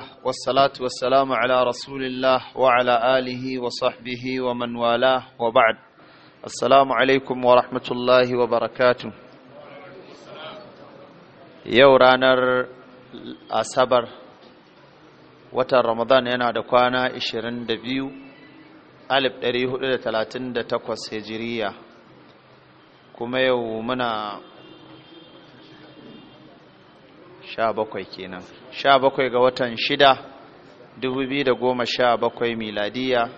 الله والصلاة والسلام على رسول الله وعلى آله وصحبه ومن والاه وبعد السلام عليكم ورحمة الله وبركاته yau ranar asabar watan ramadan yana da kwana 22 1438 hijiriya kuma yau muna 17 kenan 17 ga watan 6 2017 miladiya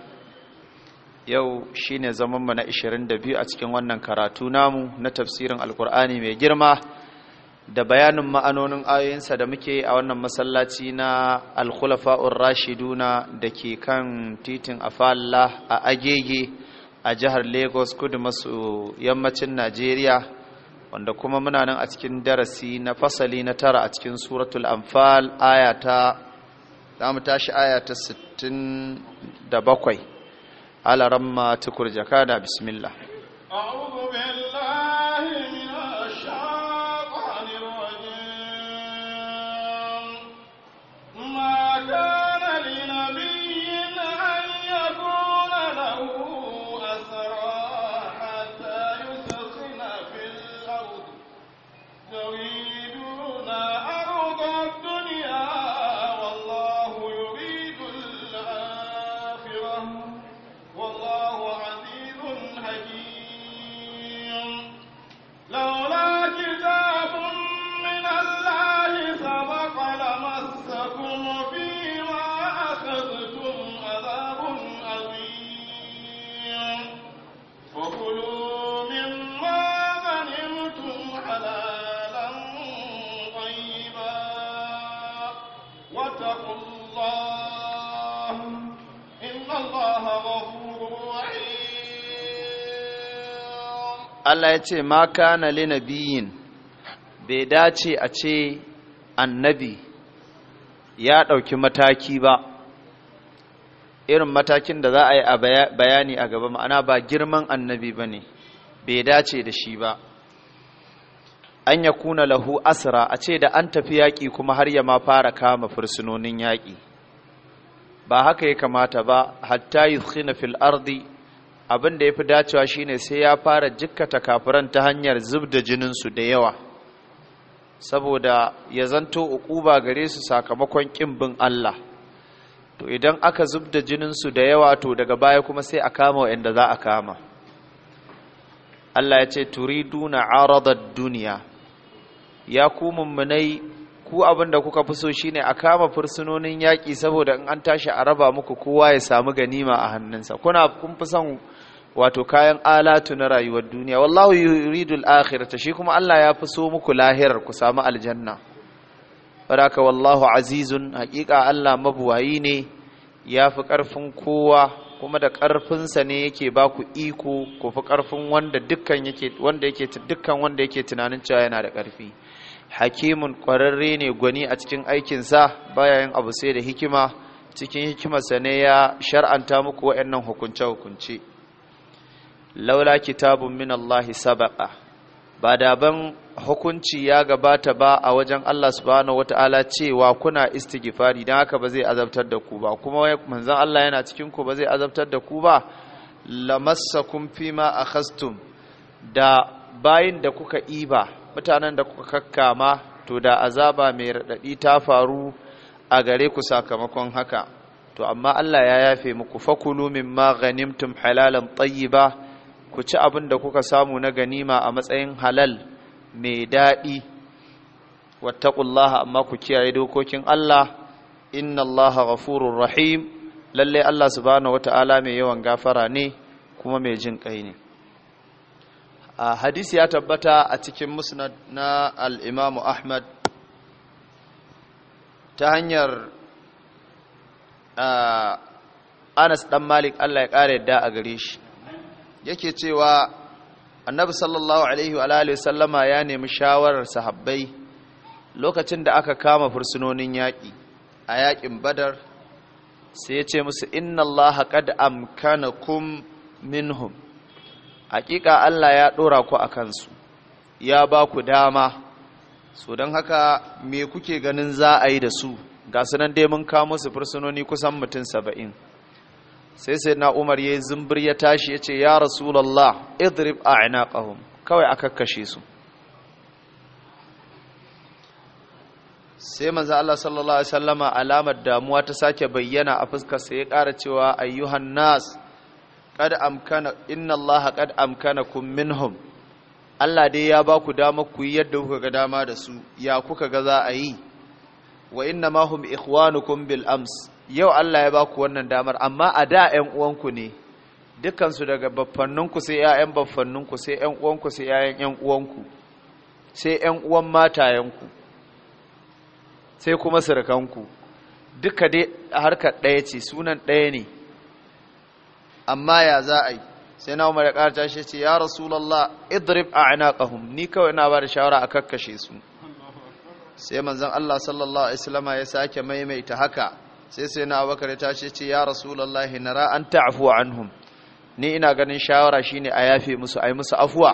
yau shine zamanmu na 22 a cikin wannan karatu namu na tafsirin alkur'ani mai girma da bayanin ma'anonin ayoyinsa da muke a wannan masallaci na alkhulafa'ur rashiduna da ke kan titin afalla a agege a jihar lagos kudu maso yammacin najeriya wanda kuma muna nan a cikin darasi na fasali na tara a cikin suratul anfal ayata, za mu tashi ayata 67 alaramma tukur jakada bismillah a'udhu billahi واتقوا الله إن الله غفور رحيم الله يتي ما كان لنبي أتي ya ɗauki mataki ba irin matakin da za a yi a bayani a gaba ma'ana ba girman annabi ba ne bai dace da shi ba an ya kuna lahu asira a ce da an tafi yaƙi kuma har ya ma fara kama fursunonin yaƙi ba haka ya kamata ba hatta yuzkhina fil ardi abin da fi dacewa shi ne sai ya fara jikkata kafiran ta hanyar zubda jininsu jininsu da yawa saboda ya zanto uquba gare su sakamakon ƙin bin Allah to idan aka zubda jininsu jininsu da yawa to daga baya kuma sai a kama wa'anda za a kama Allah ya ce turiduna arazar duniya ya ku mummunai ku abin da kuka fi so shine a kama fursunonin yaƙi saboda in an tashi a raba muku kowa ya samu ganima a hannunsa kuna kun fi son wato kayan alatu na rayuwar duniya wallahu yuridul akhirata shi kuma Allah ya fi so muku lahirar ku samu aljanna baraka wallahu azizun haƙiƙa Allah mabuwayi ne ya fi ƙarfin kowa kuma da ƙarfinsa ne yake ba ku iko ku fi ƙarfin wanda dukkan yake wanda yake wanda yake tunanin cewa yana da ƙarfi hakimun kwararre ne gwani a cikin aikinsa bayan yin abu sai da hikima cikin hikimarsa ne ya shar'anta muku waɗannan hukunce-hukunce laula kitabun min Allah sabaqa ba daban hukunci ya gabata ba a wajen Allah subhanahu wata'ala cewa kuna istighfari dan haka ba zai azabtar da ku ba kuma manzon Allah yana cikin ku ba zai azabtar da ku ba ma a akhastum da bayin da kuka iba mutanen da kuka kakkama to da azaba mai raɗaɗi ta faru a gare ku sakamakon haka to amma Allah ya yafe muku fakulu mimma ghanimtum halalan tayyiba ku ci abin da kuka samu na ganima a matsayin halal mai daɗi wattaqullaha amma ku kiyaye dokokin Allah inna Allah ghafurur rahim lalle Allah subhanahu wataala mai yawan gafara ne kuma mai jin kai ne hadisi ya tabbata a cikin musnad na al'imamu ahmad ta hanyar anas ɗan malik allah ya ƙara yadda a gare shi yake cewa annabi sallallahu alaihi wa alaihi sallama ya nemi shawarar sahabbai lokacin da aka kama fursunonin yaƙi a yaƙin badar sai ya ce musu inna allaha qad amkanakum minhum hakika Allah ya ɗora ku a kansu ya ba ku dama so don haka me kuke ganin za a yi da su ga su nan dai mun kamo su fursunoni kusan mutum saba'in sai sai na umar ya yi zumbir ya tashi ya ce ya rasulallah idrib a ƙahun kawai a kakkashe su sai manzo Allah sallallahu alaihi wasallama alamar damuwa ta sake bayyana a fuskar ya ƙara cewa ayyuhan nas qad amkana inna allaha qad amkanakum minhum Allah dai ya ba ku dama ku yi yadda kuka ga dama da su ya kuka ga za a yi wa inna ma hum ikhwanukum bil ams yau Allah ya ba ku wannan damar amma a da 'yan uwanku ne dukansu daga baffanninku sai ƴaƴan baffanninku sai ƴan uwanku sai ƴaƴan ƴan uwanku sai ƴan uwan matayenku sai kuma surukanku duka dai harkar ɗaya ce sunan ɗaya ne amma ya za a yi sai na umar ya karta shi ce ya rasulallah idrib a anaqahum ni kawai na ba da shawara a kakkashe su sai manzon Allah sallallahu alaihi wasallama ya sake maimaita haka sai sai na abakar ya tashi ce ya rasulallah nara an ta'fu anhum ni ina ganin shawara shine a yafe musu ai musu afuwa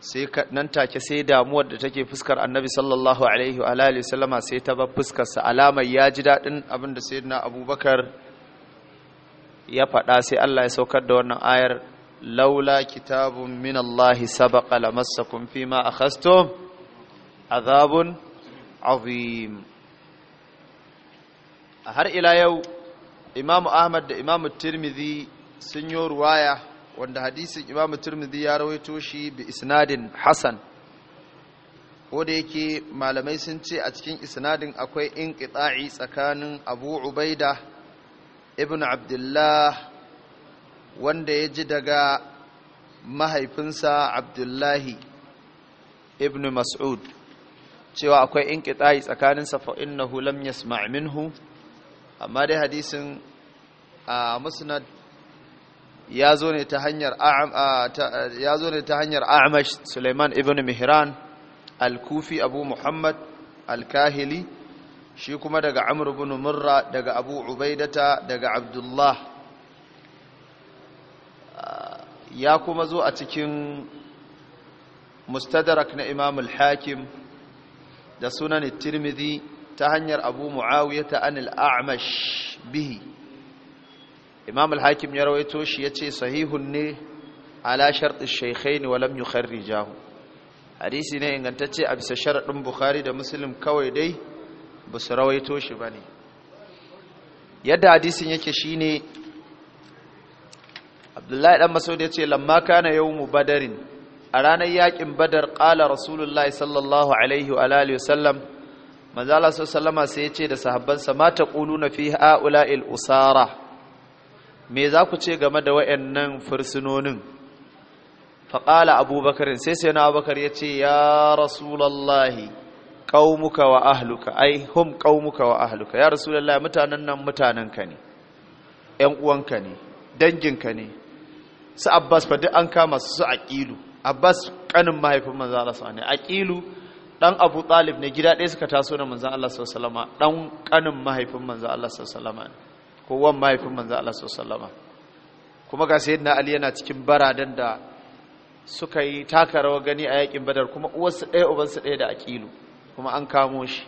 sai nan take sai damuwar da take fuskar annabi sallallahu alaihi wa alihi wasallama sai ta ba fuskar sa alamar ya ji dadin abinda da sayyidina abubakar ya faɗa sai Allah ya saukar da wannan ayar laula kitabun min Allah sabaqa lamassakum a akhastum azabun azim har ila yau Imam Ahmad da Imam Tirmidhi sun yi ruwaya wanda hadisin Imam Tirmidhi ya rawaito shi bi isnadin hasan ko da yake malamai sun ce a cikin isnadin akwai inqita'i tsakanin Abu Ubaida ibn abdullah wanda ya ji daga mahaifinsa abdullahi ibn mas'ud cewa akwai in inqita'i tsakaninsa fa innahu lam yasma' minhu amma dai hadisin a musnad ya zo ne ta hanyar ya Suleiman ibn Mihran al-Kufi Abu Muhammad al-Kahili shi kuma daga amr ibn murra daga abu ubaidata daga abdullah ya kuma zo a cikin mustadrak na imam al-hakim da sunan tirmidhi ta hanyar abu muawiyata an al-a'mash bihi imam al-hakim ya rawaito shi yace sahihun ne ala shart ash-shaykhayn wa lam yukharrijahu hadisi ne ingantacce a bisa sharadin bukhari da muslim kawai dai ba su rawaito shi ba ne yadda hadisin yake shi ne abdullahi ɗan maso da ya ce lamma kana yau mu badarin a ranar yakin badar ƙala rasulullah sallallahu alaihi wa alihi wasallam manzala sallama sai ya ce da sahabbansa ma ta ƙulu na fi ha'ula il'usara. me za ku ce game da wa'annan fursunonin faƙala abubakarin sai sai na abubakar ya ce ya rasulallahi qaumuka wa ahluka ai hum qaumuka wa ahluka ya rasulullahi mutanen nan mutanenka ne ƴan uwanka ne danginka ne su abbas fa duk an kama su su aqilu abbas kanin mahaifin manzo Allah sallallahu alaihi wasallam aqilu dan abu talib ne gida ɗaya suka taso na manzo Allah sallallahu alaihi wasallam dan kanin mahaifin manzo Allah sallallahu alaihi wasallam ko wan mahaifin manzo Allah sallallahu alaihi wasallam kuma ga sayyidina ali yana cikin baradan da suka yi taka rawa gani a yakin badar kuma uwarsu ɗaya ubansu ɗaya da aqilu kuma an kamo shi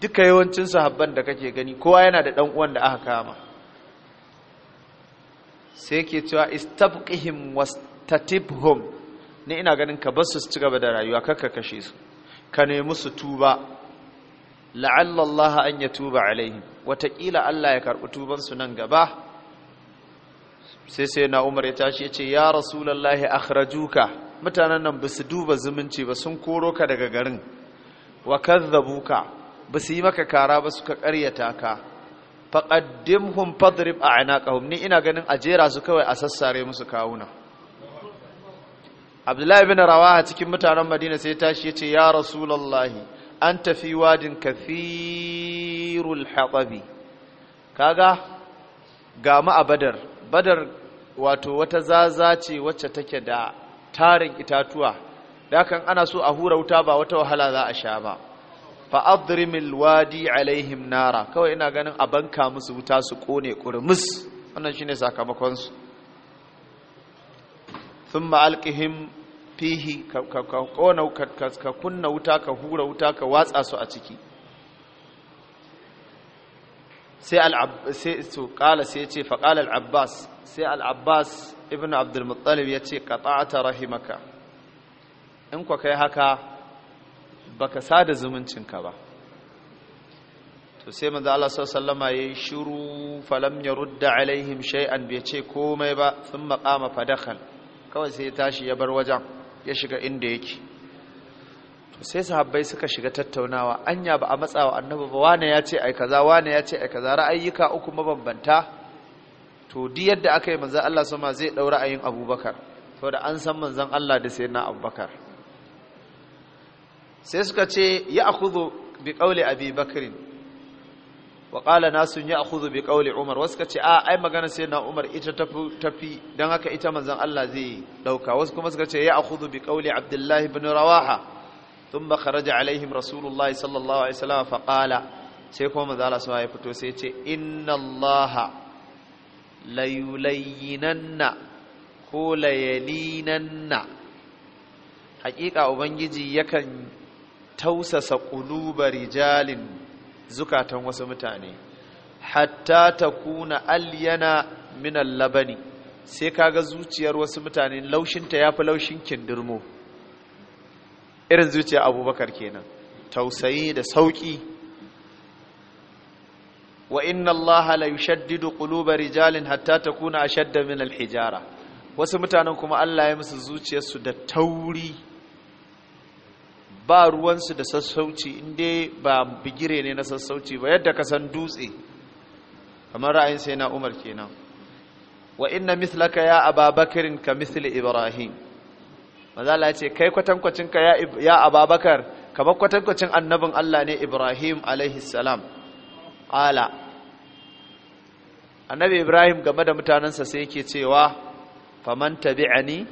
duka yawancin sahabban da kake gani kowa yana da dan uwan da aka kama sai yake cewa istabqihim wastatibhum ni ina ganin ka basu su ci gaba da rayuwa kakka kashe su ka nemi su tuba la'alla Allah an tuba alaihim wataƙila Allah ya karɓi tuban su nan gaba sai sai na umar ya tashi ya ce ya rasulallahi akhrajuka mutanen nan ba su duba zumunci ba sun koro ka daga garin wa ka ba su yi maka kara ba suka karyata ka faqaddimhum fadrib a'naqahum ni ina ganin ajera su kawai a sassare musu kawuna Abdullahi ibn Rawaha cikin mutanen Madina sai tashi ya ce ya rasulallahi an tafi wadin kafirul hatabi kaga ga a badar badar wato wata zaza ce wacce take da tarin itatuwa dakan ana so a hura wuta ba wata wahala za a sha ba fa adrimil wadi alaihim nara kawai ina ganin a banka musu wuta su kone kurmus wannan shine sakamakon su thumma alqihim fihi ka kona ka kunna wuta ka hura wuta ka watsa su a ciki sai sai su kala sai ya ce faƙala al'abbas sai al'abbas ibn abdulmuttalib ya ce ƙata'ata rahimaka in kwa kai haka baka sada zumuncinka ba to sai manzo Allah sallama yayi shiru falam yarudda alaihim shay'an bai ce komai ba sun maqama fadakhal kawai sai ya tashi ya bar wajen ya shiga inda yake to sai sahabbai suka shiga tattaunawa anya ba a matsawa annabi ba wane ya ce ai kaza wane ya ce ai kaza ra'ayyuka uku mabambanta to di yadda aka yi manzon Allah sama zai dau ra'ayin Abubakar da an san manzon Allah da sayyidina Abubakar sai suka ce ya akhudhu bi qawli Abi Bakr wa qala nasu ya akhudhu bi qawli Umar wasu ce a ai magana sayyidina Umar ita tafi tafi dan haka ita manzon Allah zai dauka wasu kuma suka ce ya akhudhu bi qawli Abdullah ibn Rawaha thumma kharaja alaihim rasulullahi sallallahu alaihi wasallam fa qala sai kuma manzo Allah sallallahu ya fito sai ce inna allaha la yulayyinanna ko la yalinanna hakika ubangiji yakan tausasa qulubar rijalin zukatan wasu mutane hatta ta kuna alyana min al-labani sai kaga zuciyar wasu mutane laushinta yafi laushin kindirmo irin zuciya abubakar kenan tausayi da sauƙi wa inna allaha la yushaddidu quluba rijalin hatta takuna ashadda min alhijara wasu mutanen kuma Allah ya musu zuciyarsu da tauri ba ruwansu da sassauci inda ba bigire ne na sassauci ba yadda ka san dutse kamar ra'ayin sai na Umar kenan wa inna mithlaka ya Ababakarin ka mithli Ibrahim manzo Allah ya ce kai kwatankwacin ka ya ya Ababakar kamar kwatankwacin annabin Allah ne Ibrahim alaihi salam ala annabi Ibrahim game da mutanansa sai yake cewa faman tabi'ani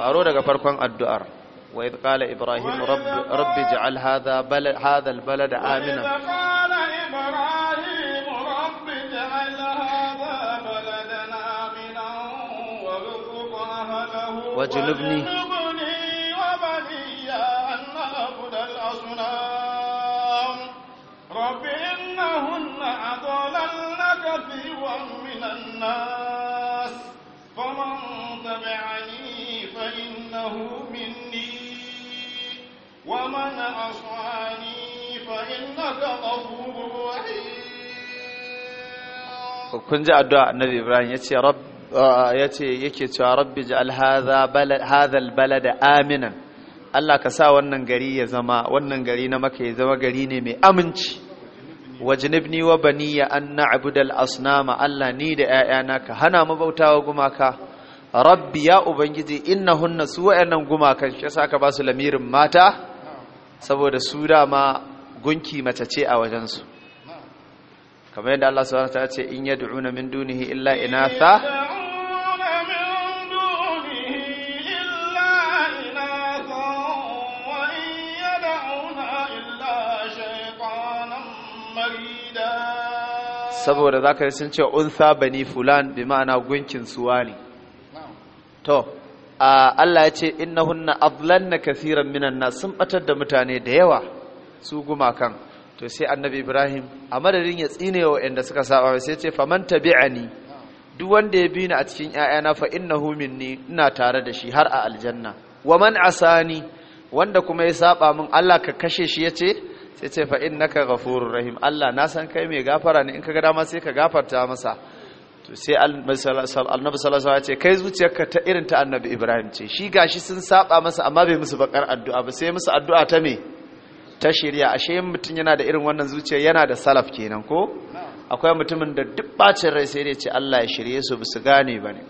faro daga farkon addu'ar وإذ قال إبراهيم رب, رب جعل هذا بلد هذا البلد آمنا وجنبني وبني أن نعبد الأصنام رب إنهن أضللن كثيرا من الناس فمن تبعني فإنه مني ومن أصعني فإنك غفور رحيم kun ji addu'a annabi Ibrahim ya ce, Rabbi yace yake cewa rabbi ja'al alhazal Bala da aminan Allah ka sa wannan gari ya zama wannan gari na maka ya zama gari ne mai aminci wajnibni wa baniya an Abudal asnama Allah ni da 'ya'yana ka hana mabauta wa gumaka rabbi ya ubangiji hunna su wa'annan gumaka shi sa ka ba su lamirin mata saboda su dama gunki mace ce a wajensu kamar yadda Allah subhanahu wata ce in yad'una min dunihi illa inatha saboda za ka sun ce unsa bani fulan bi ma'ana gunkin suwa ne to Allah ya ce innahunna na kasiran minan na sun batar da mutane da yawa su gumakan to sai annabi Ibrahim a madadin ya tsine wa inda suka saba sai ce faman ni. duk wanda ya bi ni a cikin 'ya'yana fa innahu minni ina tare da shi har a aljanna wa man asani wanda kuma ya saba min Allah ka kashe shi ya ce. sai ce fa in naka ghafurur rahim Allah na san kai mai gafara ne in ka ga dama sai ka gafarta masa to sai annabi sallallahu alaihi ce kai zuciyarka ta irin ta annabi Ibrahim ce shi gashi sun saba masa amma bai musu bakar addu'a ba sai musu addu'a ta me ta shirya ashe mutum yana da irin wannan zuciya yana da salaf kenan ko akwai mutumin da duk bacin rai sai ya ce Allah ya shirye su bisu gane ba ne.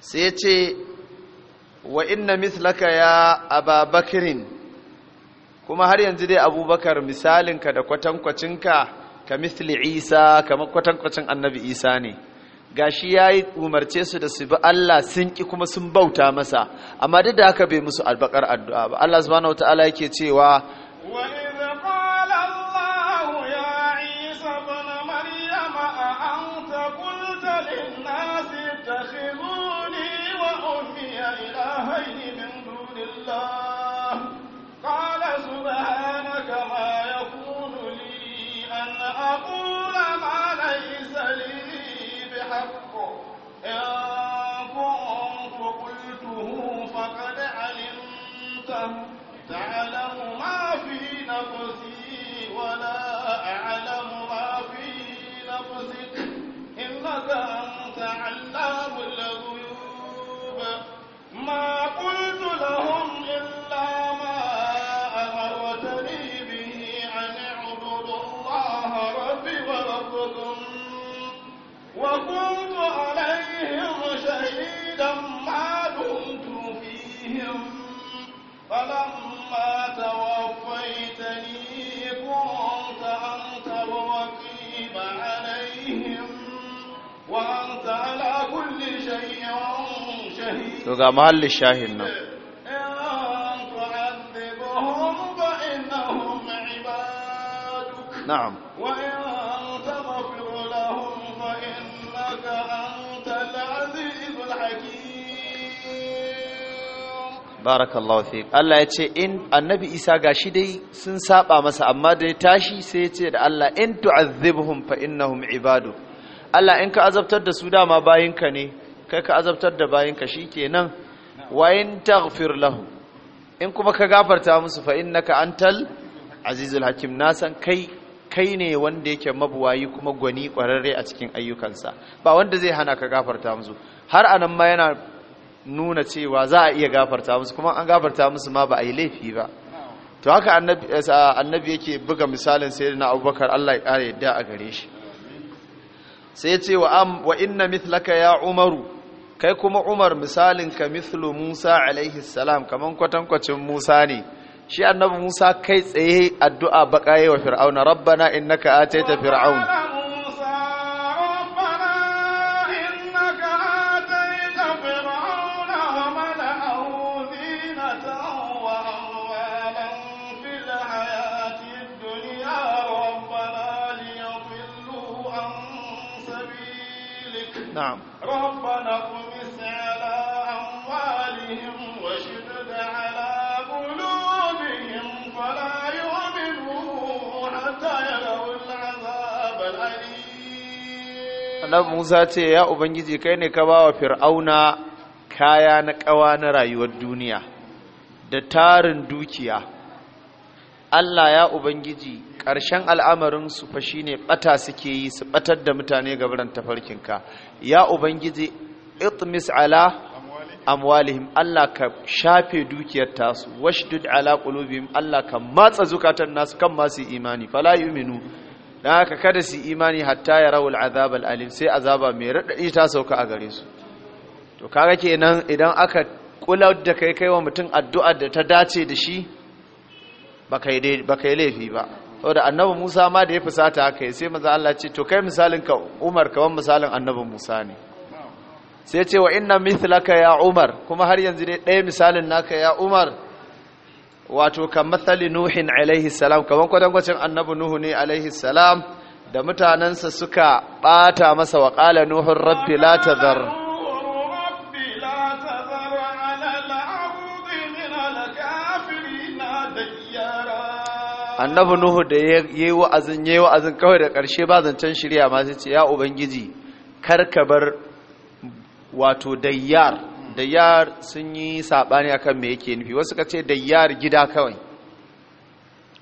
sai ya ce wa inna mithlaka ya ababakirin kuma har yanzu dai abubakar misalinka da kwatankwacinka ka misli isa kamar kwatankwacin annabi isa ne gashi ya yi umarce su da su bi Allah sun ƙi kuma sun bauta masa amma duk da haka bai musu albakar addu'a ba Allah subhanahu wa ta'ala yake cewa wa idza تعلم ما في نفسي ولا أعلم ما في نفسك إنك أنت علام الغيوب ما ga mahallin shahin nan na'am barakallahu fi Allah ya ce in annabi Isa gashi dai sun saba masa amma da ya tashi sai ya ce da Allah in tu'azzibhum fa innahum ibadu Allah in ka azabtar da su dama bayinka ne kai ka azabtar da bayinka shikenan wa in taghfir lahu in kuma ka gafarta musu fa innaka antal azizul hakim na san kai kai ne wanda yake mabuwayi kuma gwani kwararre a cikin ayyukansa ba wanda zai hana ka gafarta musu har anan ma yana nuna cewa za a iya gafarta musu kuma an gafarta musu ma ba a yi laifi ba to haka annabi eh, yake buga misalin na abubakar Allah ya kare yadda a gare shi sai ya ce wa wa inna mithlaka ya umaru kai kuma umar misalin ka mithlu musa alaihi salam kaman kwatankwacin musa ne shi annabi musa kai tsaye addu'a baƙaye wa fir'auna rabbana innaka ataita fir'aun نعم ربنا annabi Musa ce ya ubangiji kai ne ka ba wa fir'auna kaya na kawa na rayuwar duniya da tarin dukiya Allah ya ubangiji ƙarshen al'amarin su fa shine bata suke yi su batar da mutane tafarkin tafarkinka ya ubangiji itmis ala amwalihim Allah ka shafe dukiyar tasu washdud ala qulubihim Allah ka matsa zukatan nasu kan masu imani fala yu'minu da haka kada su imani hatta ya rawul azab al'alim sai azaba mai raɗaɗi ta sauka a gare su to kaga kenan idan aka kula da kai kai wa mutum addu'a da ta dace da shi ba kai laifi ba saboda annabi musa ma da ya fusata haka sai maza Allah ce to kai misalin ka umar kawan misalin annabi musa ne sai ce wa inna mithlaka ya umar kuma har yanzu dai ɗaya misalin naka ya umar wato matsali nuhin alaihi salam kaman kwatankwacin annabi nuhu ne alaihi salam da mutanensa suka bata masa wa qala nuhun rabbi la tadhar annabi nuhu da yi wa'azin yi wa'azin kawai da ƙarshe ba zancen shirya masu ce ya ubangiji kar ka bar wato dayyar dayyar sun yi saɓani akan me yake nufi wasu ka ce dayyar gida kawai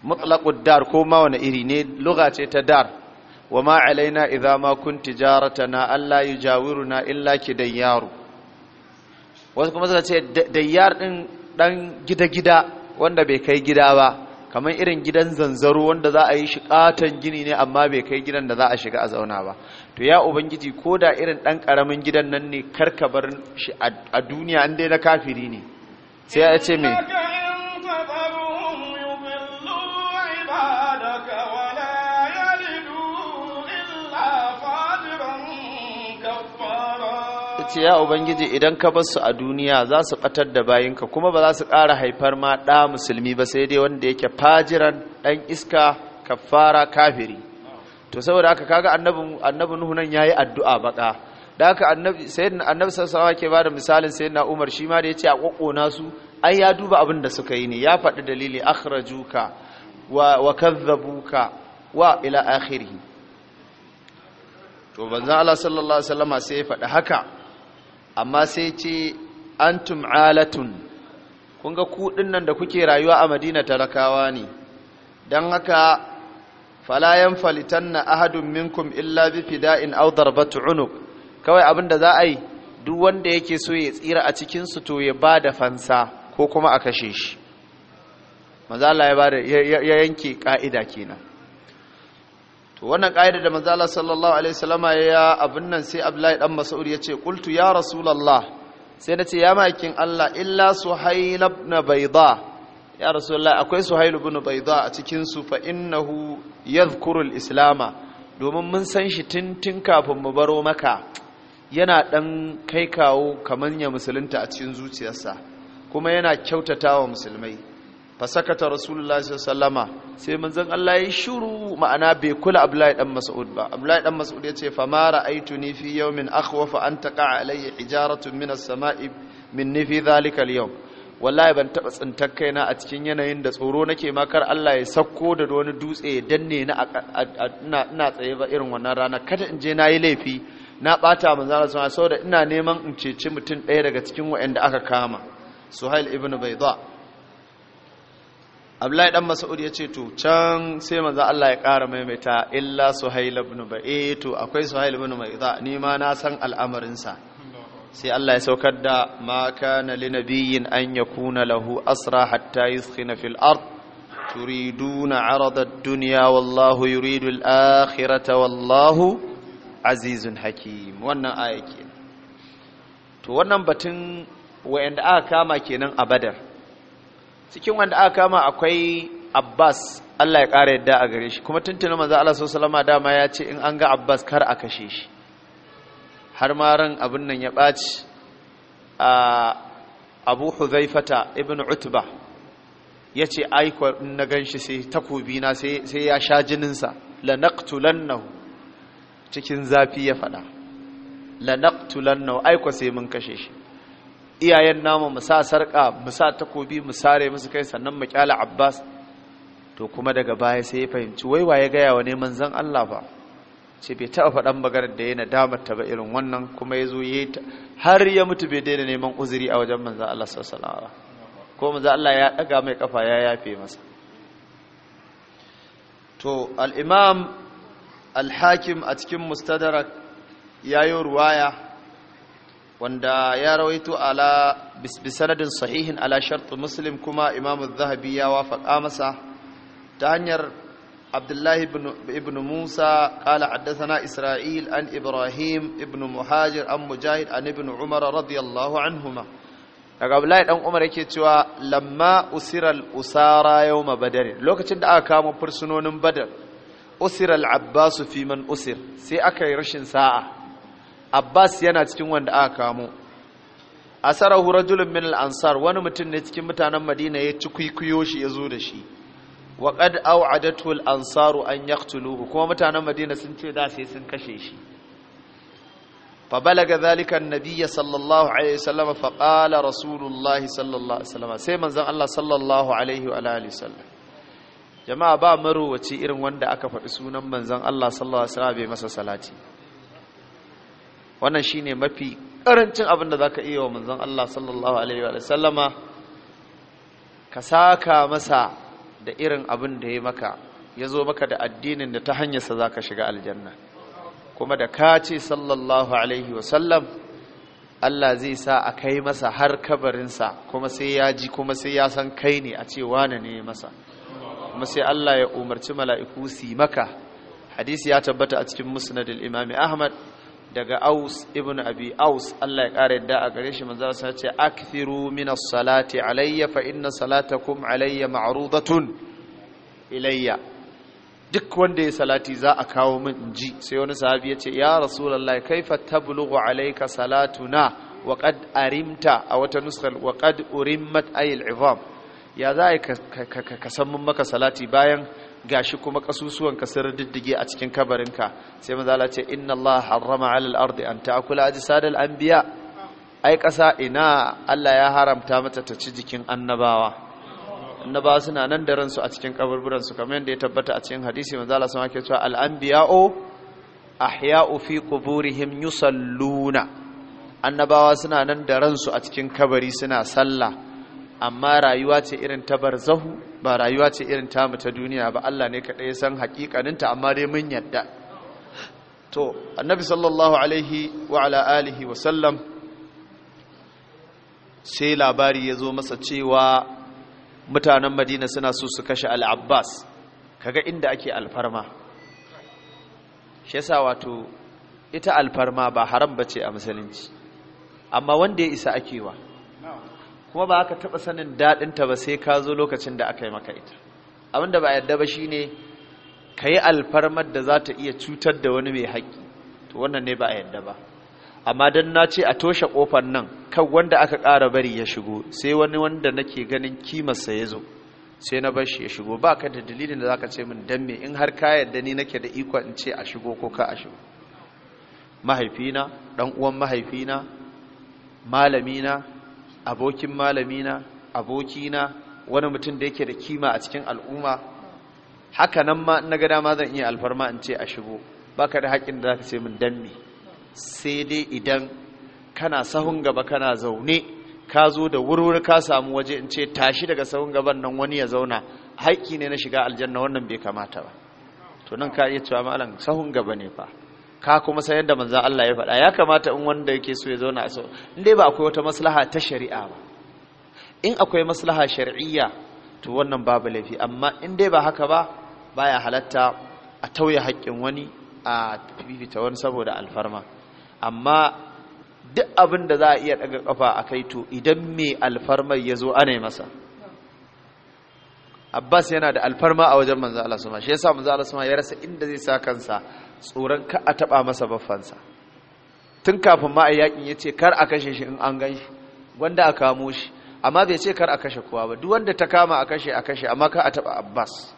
mutlaƙud dar ko ma wani iri ne lukace ce ta dar wa ma alaina idza ma kun tijaratana alla yujawiruna illa ki dayyaru wasu kuma suka ce dayyar din dan gida-gida wanda bai kai gida ba kamar irin gidan zanzaro wanda za a yi shi katon gini ne amma bai kai gidan da za a shiga a zauna ba to ya ubangiji ko da irin ɗan ƙaramin gidan nan ne karka bar shi a duniya an dai na kafiri ne sai ya ce mai ya ubangiji idan ka bar su a duniya za su batar da bayinka kuma ba za su ƙara haifar ma ɗa musulmi ba sai dai wanda yake fajiran ɗan iska kafara kafiri to saboda haka kaga annabi annabi nuhu nan yayi addu'a baka da haka annabi sayyidina annabi sallallahu alaihi bada misalin sayyidina umar shi ma da yace a kokkona su ai ya duba abin da suka yi ne ya faɗi dalili akhrajuka wa wa kadzabuka wa ila akhirih to banzan Allah sallallahu alaihi wasallam sai ya faɗi haka amma sai ce antum alatun kun ga kuɗin nan da kuke rayuwa a madina talakawa ne don haka falayen falitan na ahadun minkum illa bi fida'in audar batu unuk kawai abin da za a yi duk wanda yake so ya tsira a cikinsu to ya ba da fansa ko kuma a kashe shi maza Allah ya yanke ka'ida kenan to wannan ƙa'ida da manzo Allah sallallahu alaihi wasallama ya abin nan sai Abdullahi dan Mas'ud ya ce qultu ya rasulullah sai nace ya makin Allah illa suhayl ibn bayda ya rasulullah akwai suhayl ibn bayda a cikin su fa innahu yadhkuru al-islama domin mun san shi tintin kafin mu baro maka yana dan kai kawo kaman ya musulunta a cikin zuciyarsa kuma yana kyautatawa musulmai fasakata rasulullahi sallama sai manzon Allah ya shiru ma'ana bai kula Abdullahi dan Mas'ud ba Abdullahi dan Mas'ud yace fa ma ni fi yawmin akhwafa an taqa alayya hijaratun min as-sama'i ni fi dhalika al-yawm wallahi ban taba tsintar kaina a cikin yanayin da tsoro nake makar Allah ya sakko da wani dutse ya danne na ina ina tsaye ba irin wannan rana kada in je nayi laifi na bata manzon Allah sallallahu alaihi saboda ina neman in ceci mutum ɗaya daga cikin waɗanda aka kama Suhail ibn Bayda abdullahi dan mas'ud ya ce to can sai manzo Allah ya ƙara maimaita illa suhail ibn ba'i to akwai suhail ibn maiza ni ma na san al'amarin sa sai Allah ya saukar da ma kana li nabiyyin an yakuna lahu asra hatta yuskhina fil ard turiduna arada ad-dunya wallahu yuridu al-akhirata wallahu azizun hakim wannan aya to wannan batun wayanda aka kama kenan a badar cikin wanda aka kama akwai Abbas Allah ya ƙara yadda a gare shi kuma tuntuna manzo Allah sallallahu alaihi dama ya ce in an ga Abbas kar a kashe shi har ma ran abin nan ya ɓaci a Abu Hudhaifata ibn Utba ya ce aiko in na ganshi sai takobi na sai ya sha jininsa la naqtulannahu cikin zafi ya faɗa la naqtulannahu aiko sai mun kashe shi iyayen namu musa sa sarƙa mu sa takobi mu sare musu kai sannan mu kyala abbas to kuma daga baya sai ya fahimci wai waye gaya wa neman zan allah ba ce bai taɓa faɗan maganar da ya nadamar ta ba irin wannan kuma ya zo ya har ya mutu bai daina neman uzuri a wajen manzan allah sallallahu alaihi ko manzan allah ya ɗaga mai kafa ya yafe masa to al-imam al a cikin mustadrak yayo ruwaya wanda ya rawaito ala bisanadin sahihin ala shartu muslim kuma imamu zahabi ya wafaka masa ta hanyar abdullahi ibn musa kala haddathana isra'il an ibrahim ibn muhajir an mujahid an ibn umar radiyallahu anhuma daga abdullahi dan umar yake cewa lamma usirar usara ma badar lokacin da aka kamo fursunonin badar usiral abbasu fiman usir sai aka yi rashin sa'a abbas yana cikin wanda aka kamo asarahu rajulun min al-ansar wani mutum ne cikin mutanen madina ya ci kwikwiyo shi ya zo da shi wa qad au'adatu al-ansaru an yaqtuluhu kuma mutanen madina sun ce da sai sun kashe shi fa balaga zalika an-nabiy sallallahu alaihi wasallam fa qala rasulullahi sallallahu alaihi wasallam sai manzon Allah sallallahu alaihi wa alihi wasallam jama'a ba marowaci irin wanda aka faɗi sunan manzon Allah sallallahu alaihi wasallam bai masa salati wannan shine mafi karancin abin da zaka iya wa manzon Allah sallallahu alaihi wa sallama ka saka masa da irin abin da ya maka ya zo maka da addinin da ta hanyar hanyarsa zaka shiga aljanna kuma da ka ce sallallahu alaihi wa sallam Allah zai sa a kai masa har kabarinsa kuma sai ya ji kuma sai ya san kai ne a ce wane ne masa kuma sai Allah ya umarci mala'iku su maka hadisi ya tabbata a cikin musnadil imami ahmad daga aus ibn abi aus Allah ya ƙara yadda a gare shi manzo sa ce akthiru min as-salati alayya fa inna salatakum alayya ma'rudatun ilayya duk wanda ya salati za a kawo min inji sai wani sahabi ya ce ya rasulullahi kaifa tablughu alayka salatuna wa qad arimta a wata nuskar wa qad urimmat ayil ya za ka san maka salati bayan gashi kuma kasusuwan ka sun diddige a cikin kabarinka sai mazala Allah ce inna Allah harrama alal ardi an ta'kula ajsad an anbiya ai kasa ina Allah ya haramta mata ta ci jikin annabawa annabawa suna nan da ransu a cikin kaburburan su kamar yadda ya tabbata a cikin hadisi mazala Allah sama ke cewa al-anbiya'u ahya'u fi quburihim yusalluna annabawa suna nan da ransu a cikin kabari suna sallah amma rayuwa ce irin ta barzahu ba rayuwa ce irin tamu ta duniya ba Allah ne kaɗai ya san haƙiƙaninta amma dai mun yadda to annabi sallallahu alaihi wa ala alihi wa sallam sai labari ya zo masa cewa mutanen madina suna so su kashe al'abbas kaga inda ake alfarma shi yasa wato ita alfarma ba haram ba ce a musulunci amma wanda ya isa akewa kuma ba aka taɓa sanin daɗinta ba sai ka zo lokacin da aka yi maka ita da ba a yadda ba shine ka yi alfarmar da za ta iya cutar da wani mai haƙƙi to wannan ne ba a yadda ba amma don na ce a toshe ƙofar nan kan wanda aka ƙara bari ya shigo sai wani wanda nake ganin kimarsa ya zo sai na bar shi ya shigo ba ka da dalilin da za ka ce min don me in har ka yadda ni nake da ikon in ce a shigo ko ka a shigo mahaifina ɗan uwan mahaifina malamina abokin malamina abokina wani mutum da yake da kima a cikin al'umma haka nan ma na ga dama zan iya alfarma in ce a shigo ba ka da haƙƙin da ka ce min dan sai dai idan kana sahun gaba kana zaune ka zo da wurwuri ka samu waje in ce tashi daga sahun gaban nan wani ya zauna haƙƙi ne na shiga aljanna wannan bai kamata ba to nan ka iya cewa malam sahun gaba ne fa ka kuma san yadda manzan Allah ya faɗa ya kamata in wanda yake so ya zauna so in dai ba akwai wata maslaha ta shari'a ba in akwai maslaha shari'iyya to wannan babu laifi amma in dai ba haka ba baya halatta a tauye haƙƙin wani a fifita wani saboda alfarma amma duk abin da za a iya daga kafa a kai to idan mai alfarmar ya zo ana masa abbas yana da alfarma a wajen manzo Allah suma shi yasa manzo Allah ya rasa inda zai sa kansa tsoron ka a taɓa masa baffansa tun kafin ma a yakin ya ce kar a kashe shi in an gan shi wanda a kamo shi amma bai ce kar a kashe kowa ba duk wanda ta kama a kashe a kashe amma ka a taɓa abbas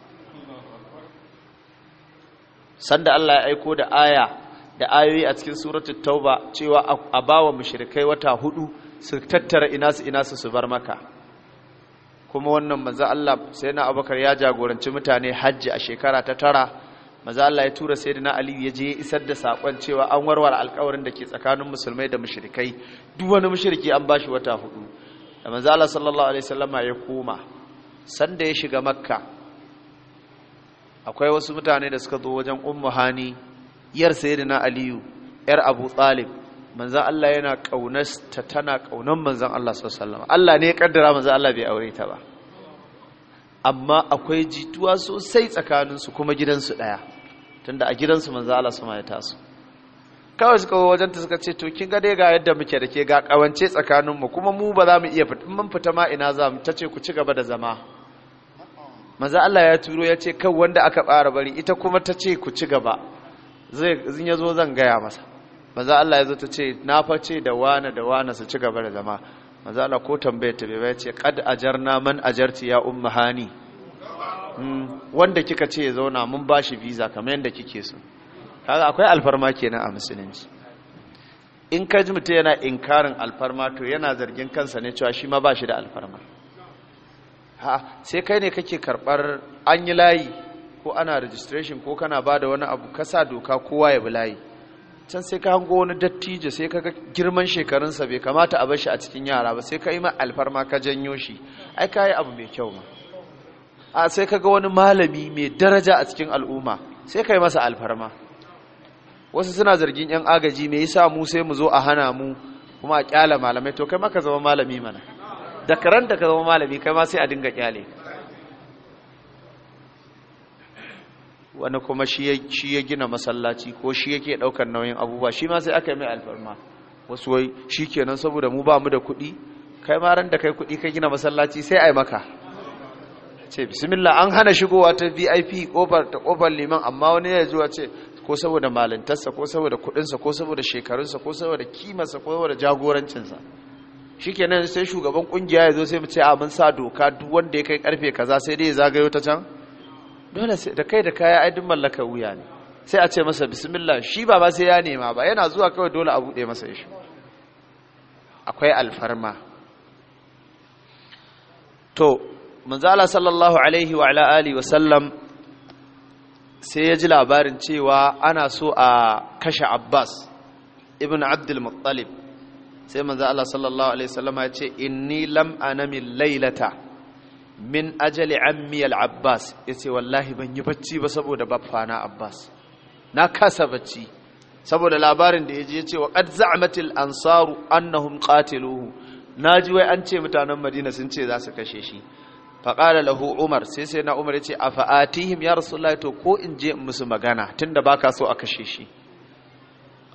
sanda Allah ya aiko da aya da ayoyi a cikin suratul tauba cewa a bawa mushrikai wata hudu su tattara ina su ina su bar maka kuma wannan manzo Allah sai na Abubakar ya jagoranci mutane hajji a shekara ta tara maza Allah ya tura sayyidina Ali ya je isar da sakon cewa an warware alƙawarin da ke tsakanin musulmai da mushrikai duk wani mushriki an bashi wata hudu da maza Allah sallallahu alaihi wasallama ya koma sanda ya shiga makka akwai wasu mutane da suka zo wajen ummu hani yar sayyidina aliyu yar abu talib manzan Allah yana kaunar ta tana kaunar manzan Allah sallallahu alaihi wasallam Allah ne ya kaddara manzan Allah bai aure ta ba amma akwai jituwa sosai tsakaninsu kuma gidansu ɗaya tunda a gidansu manzo Allah sama ya taso kawai suka wajen ta suka ce to kin ga dai ga yadda muke da ke ga kawance tsakanin mu kuma mu ba za mu iya fita mun fita ma ina za mu tace ku ci gaba da zama manzo Allah ya turo ya ce kai wanda aka fara bari ita kuma ta ce ku ci gaba zai in yazo zan gaya masa manzo Allah ya zo ta ce na face da wana da wana su ci gaba da zama manzo Allah ko tambaye ta bai ce kad ajarna man ajarti ya umma hani wanda kika ce ya zauna mun ba shi visa kamar yadda kike so kaga akwai alfarma kenan a musulunci in ka ji mutum yana inkarin alfarma to yana zargin kansa ne cewa shi ma ba shi da alfarma ha sai kai ne kake karɓar an yi layi ko ana registration ko kana ba da wani abu kasa doka kowa ya bi layi can sai ka hango wani dattijo sai ka girman shekarunsa bai kamata a bar shi a cikin yara ba sai ka yi ma alfarma ka janyo shi ai ka yi abu mai kyau ma a sai kaga wani malami mai daraja a cikin al'umma sai kai masa alfarma wasu suna zargin yan agaji me yi mu sai mu zo a hana mu kuma a kyala malamai to kai maka zama malami mana da da ka zama malami kai ma sai a dinga kyale wani kuma shi ya gina masallaci ko shi yake daukar nauyin abubuwa shi ma sai aka yi mai alfarma wasu wai shi kenan saboda mu ba mu da kuɗi kai ma ran da kai kuɗi ka gina masallaci sai a yi maka ce bismillah an hana shigowa ta vip kofar ta kofar liman amma wani ya zuwa ce ko saboda malintarsa ko saboda kudinsa ko saboda shekarunsa ko saboda kimarsa ko saboda jagorancinsa shikenan sai shugaban kungiya ya zo sai mu ce a mun sa doka duk wanda ya kai karfe kaza sai dai ya zagayo ta can dole sai da kai da kaya ai duk mallaka wuya ne sai a ce masa bismillah shi ba ba sai ya nema ba yana zuwa kawai dole a bude masa shi akwai alfarma to manzala sallallahu alaihi wa alihi wasallam sai ya ji labarin cewa ana so a kashe abbas ibn abdul muttalib sai manzo sallallahu alaihi sallam ya ce inni lam anami laylata min ajali ammi al-abbas yace wallahi ban yi bacci ba saboda baffana abbas na kasa bacci saboda labarin da yaji yace wa qad za'amatil ansaru annahum qatiluhu naji wai an ce mutanen madina sun ce za su kashe shi faƙala lahu umar sai sai na umar ya ce a fa'atihim ya rasu to ko in je in musu magana tun da baka so a kashe shi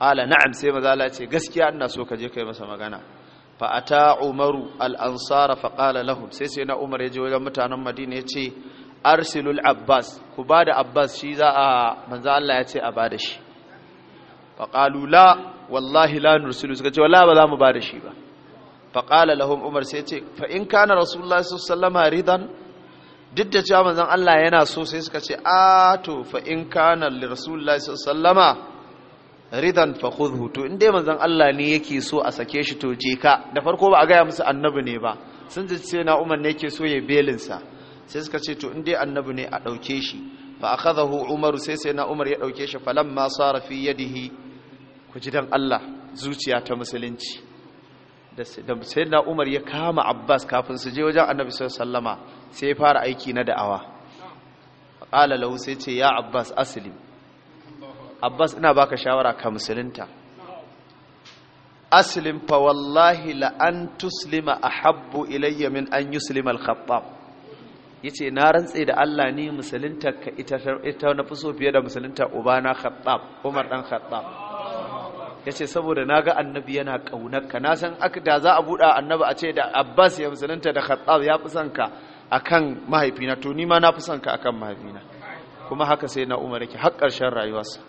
ƙala na'am sai mazala ce gaskiya ina so ka je kai masa magana fa'ata umaru al'ansara faƙala lahu sai sai na umar ya je wajen mutanen madina ya ce arsilul abbas ku ba da abbas shi za a manzo Allah ya ce a ba da shi faƙalu la wallahi la nursilu suka ce wallahi ba za mu ba da shi ba faƙala lahum umar sai ce fa in kana rasulullah sallama ridan duk da cewa manzon Allah yana so sai suka ce a to fa in kana li rasulullah sallama ridan fa khudhu to in dai manzon Allah ne yake so a sake shi to je ka da farko ba a gaya musu annabi ne ba sun ji sai na umar ne yake so ya belin sa sai suka ce to in dai annabi ne a dauke shi fa akhadahu umar sai sai na umar ya dauke shi falamma sara fi yadihi ku ji dan Allah zuciya ta musulunci da na Umar ya kama Abbas kafin su je wajen Annabi Sallama sai ya fara aiki na da'awa qala lahu sai ce ya Abbas aslim Abbas ina baka shawara ka musulunta Asalin fa wallahi la an tuslima ahabbu ilayya min an yuslima al-khattab yace na rantse da Allah ni musulunta ka ita ita na fi so fiye da musulunta ubana khattab Umar dan khattab ya ce saboda na ga annabi yana ƙaunarka na san aka da za a buɗa annabi a ce da abbas ya musulunta da khattab ya fi son ka a kan mahaifina to nima na fi son ka a kan mahaifina kuma haka sai na umar yake har ƙarshen rayuwarsa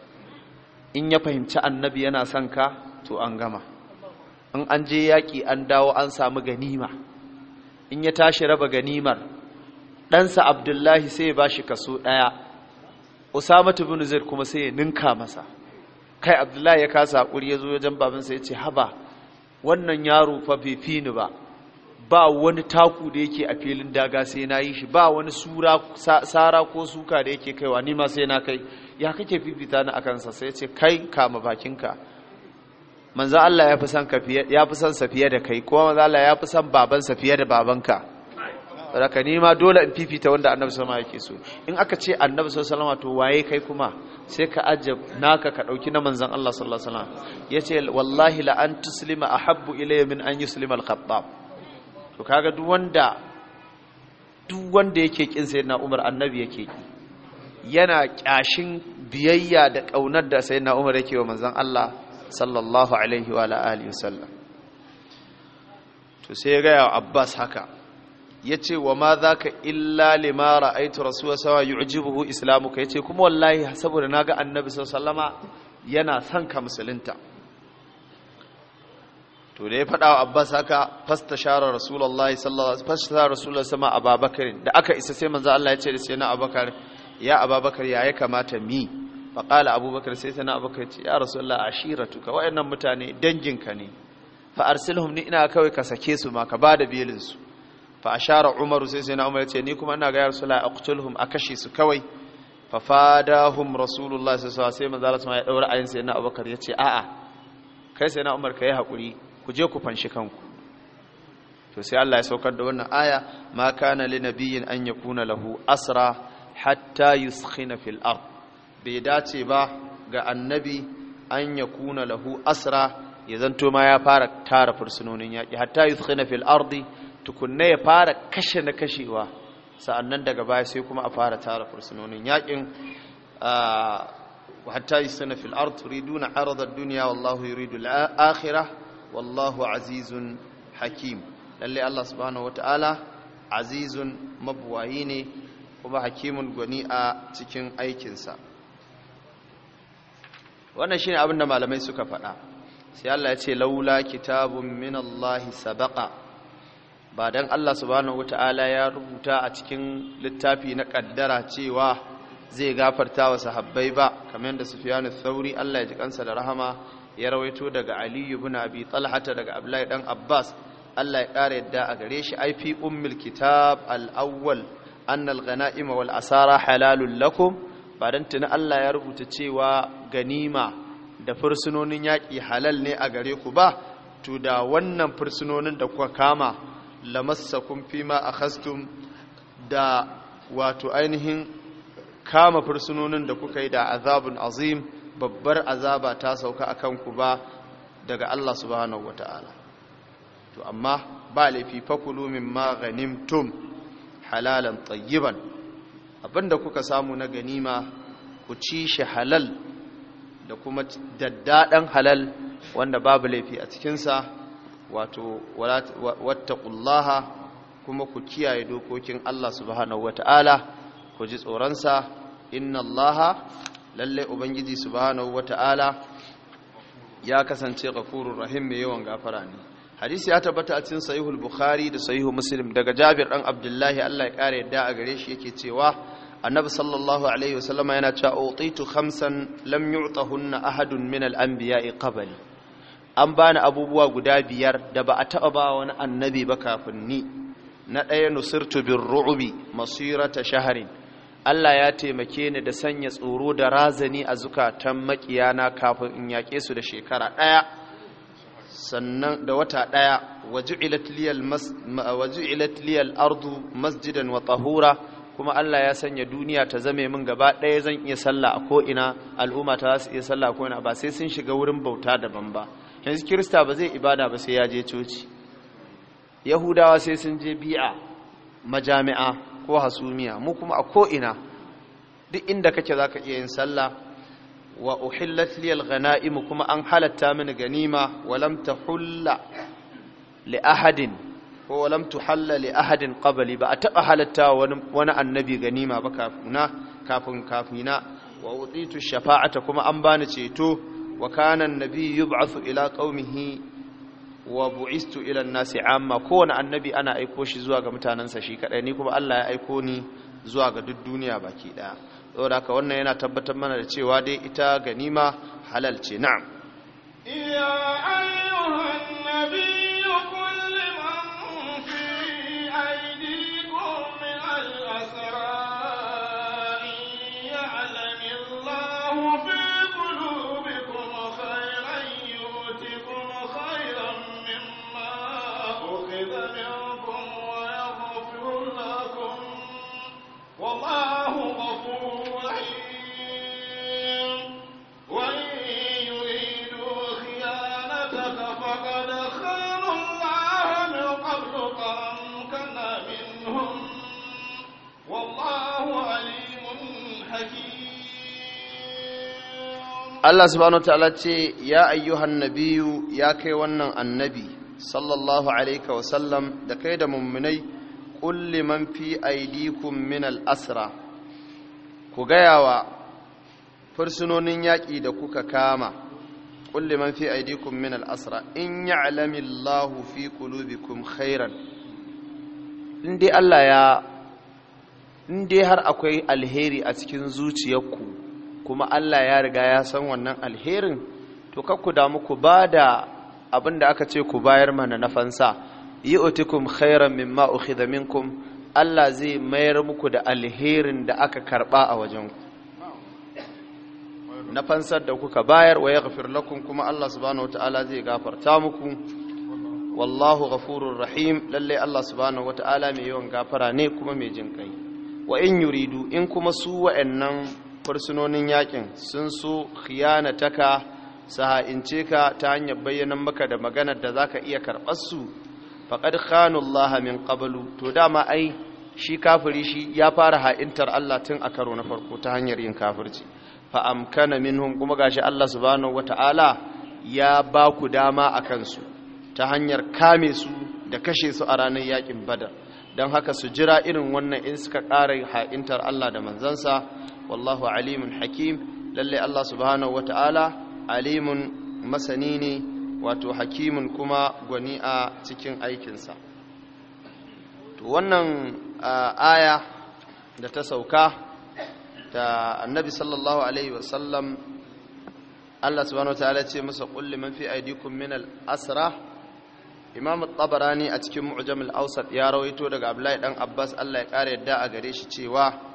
in ya fahimci annabi yana son ka to an gama in an je yaƙi an dawo an samu ganima in ya tashi raba ganimar ɗansa abdullahi sai ya ba shi kaso ɗaya usamatu bin zaid kuma sai ya ninka masa kai abdullahi ya kasa hakuri ya zo wajen babansa ya ce haba wannan yaro fa bai fi ni ba ba wani taku da yake a filin daga sai na yi shi ba wani sara ko suka da yake kaiwa ni ma sai na kai ya kake fifita ni akan sa sai ce kai kama bakinka manzo Allah ya fi san ka ya fi san sa fiye da kai kuma manzo Allah ya fi san baban fiye da babanka raka nima dole in fifita wanda annabi sallama yake so in aka ce annabi sallama to waye kai kuma sai ka ajab naka ka dauki na manzon Allah sallallahu alaihi wasallam yace wallahi la an tuslima ahabbu ilayya min an yuslima al-khattab to kaga duk wanda duk wanda yake kin sayyidina Umar annabi yake ki yana kyashin biyayya da kaunar da sayyidina Umar yake wa manzon Allah sallallahu alaihi wa alihi wasallam to sai ya ga Abbas haka ya ce wa ma za ka illa limara aitu rasuwa sawa yi ujibuhu islamuka ya ce kuma wallahi saboda na ga annabi sallama yana son ka musulunta to da ya faɗa wa abbas haka fasta shara rasulallah fasta sama ababakar da aka isa sai manzo Allah ya ce da sai na abakar ya ababakar ya ya kamata mi faƙala abubakar sai sai na abakar ce ya rasulallah ashiratuka wa'annan mutane danginka ne fa arsilhum ni ina kawai ka sake su ma ka bada da su fa ashara umaru sai sai na umar ce ni kuma ina ga ya rasulullah aqtulhum a kashe su kawai fa fadahum rasulullah sai sa sai manzo Allah ya daura ayin sai na abubakar ya ce a'a kai sai na umar kai hakuri ku je ku fanshi kanku to sai Allah ya saukar da wannan aya ma kana li nabiyyin an yakuna lahu asra hatta yuskhina fil ard bai dace ba ga annabi an yakuna lahu asra ya zanto ma ya fara tara fursunonin yaki hatta yuskhina fil ardi tukunna ya fara kashe na kashewa sa'annan daga baya sai kuma a fara tara fursunonin yakin ah, hatta yusana fil ard turiduna arada ad duniya, wallahu yuridu al-akhirah wallahu azizun hakim lalle Allah subhanahu wataala azizun mabuwayi ne kuma hakimun gwani a cikin aikinsa wannan shine abin da malamai suka faɗa sai Allah ya ce laula kitabun min Allah ba don Allah subhanahu wata'ala ya rubuta a cikin littafi na kaddara cewa zai gafarta wa sahabbai ba kamar da sufiyanu sauri Allah ya ji kansa da rahama ya rawaito daga aliyu bin Abi Talhata daga Abdullahi dan Abbas Allah ya ƙara yadda a gare shi aifi, Ummil, ummul kitab al'awwal, annal, gana, imawal, asara halalun, lakum ba dan tuni Allah ya rubuta cewa ganima da fursunonin yaƙi halal ne a gare ku ba to da wannan fursunonin da kuka kama lamassakum fima akhastum da wato ainihin kama fursunonin da kuka yi da azabun azim babbar azaba ta sauka akan ku ba daga Allah subhanahu wata'ala to amma ba laifi fakulu mimma ghanimtum halalan tayyiban abinda kuka samu na ganima ku ci shi halal da kuma daddadan halal wanda babu laifi a cikinsa wato wattaqullaha kuma ku kiyaye dokokin Allah subhanahu wata'ala ku ji tsoronsa innallaha lalle ubangiji subhanahu wata'ala ya kasance ghafurur rahim mai yawan gafara ne hadisi ya tabbata a cikin sahihul bukhari da sahihu muslim daga jabir dan abdullahi Allah ya kare yadda a gare shi yake cewa annabi sallallahu alaihi wasallama yana cewa utitu khamsan lam yu'tahunna ahadun min al-anbiya'i qabli an bani abubuwa guda biyar da ba a taɓa ba wani annabi ba kafin ni na ɗaya nusirtu bin ru'ubi masirata shaharin Allah ya taimake ni da sanya tsoro da razani a zukatan makiyana kafin in yaƙe su da shekara ɗaya sannan da wata ɗaya waji'ilat liyal ardu masjidan wa tahura kuma Allah ya sanya duniya ta zame min gaba ɗaya zan iya sallah a ko'ina al'umma ta za su iya sallah a ko'ina ba sai sun shiga wurin bauta daban ba yanzu kirista ba zai ibada ba sai ya je coci yahudawa sai sun je bi'a majami'a ko hasumiya mu kuma a ko'ina duk inda kake za ka iya yin sallah wa uhillat liyal ghana'imu kuma an halatta mini ganima lam tahulla li ahadin ko lam tuhalla li ahadin qabli ba a taba halatta wani annabi ganima ba kafuna kafin kafina wa utitu shafa'ata kuma an bani ceto wa kana annabi yub'athu ila qaumihi wa bu'istu ila an-nasi amma kowane annabi ana aiko shi zuwa ga mutanansa shi kadai ni kuma Allah ya aiko ni zuwa ga duk duniya baki daya saboda wannan yana tabbatar mana da cewa dai ita ganima halal ce na'am ya ayyuhan Allah subhanahu wa ta'ala ce ya ayyuhan nabiyu ya kai wannan annabi sallallahu alaihi wa sallam da kai da mummunai kulli man fi aidikum min al-asra ku gayawa fursunonin yaƙi da kuka kama kulli man fi aidikum min al-asra in ya'lami Allahu fi qulubikum khairan in dai Allah ya in dai har akwai alheri a cikin zuciyarku kuma Allah ya riga ya san wannan alherin to kakku damu ku ba da abin da aka ce ku bayar mana na fansa yi otikum khairan mimma ukhidha minkum Allah zai mayar muku da alherin da aka karba a ku na fansar da kuka bayar wa yaghfir lakum kuma Allah subhanahu wataala zai gafarta muku wallahu ghafurur rahim lalle Allah subhanahu wataala mai yawan gafara ne kuma mai jin kai wa in yuridu in kuma su wa'annan farsunonin yakin sun so khiyanataka su ha'ince ka ta hanyar bayyanan maka da maganar da zaka iya karɓar su faqad khanullaha min qablu to dama ai shi kafiri shi ya fara ha'intar Allah tun a karo na farko ta hanyar yin kafirci fa amkana minhum kuma gashi Allah subhanahu wata'ala ya ba ku dama akan su ta hanyar kame su da kashe su a ranar yakin badar don haka su jira irin wannan in suka ƙara ha'intar Allah da manzansa wallahu alimun hakim lalle Allah subhanahu wata'ala alimun masani ne wato hakimun kuma gwani a cikin aikinsa to wannan aya da ta sauka ta annabi sallallahu alaihi wasallam Allah subhanahu wata'ala ce masa kulli man fi aidikum min al-asra imam tabarani a cikin mu'jam al-awsat ya rawaito daga abdullahi dan abbas Allah ya kare yadda a gare shi cewa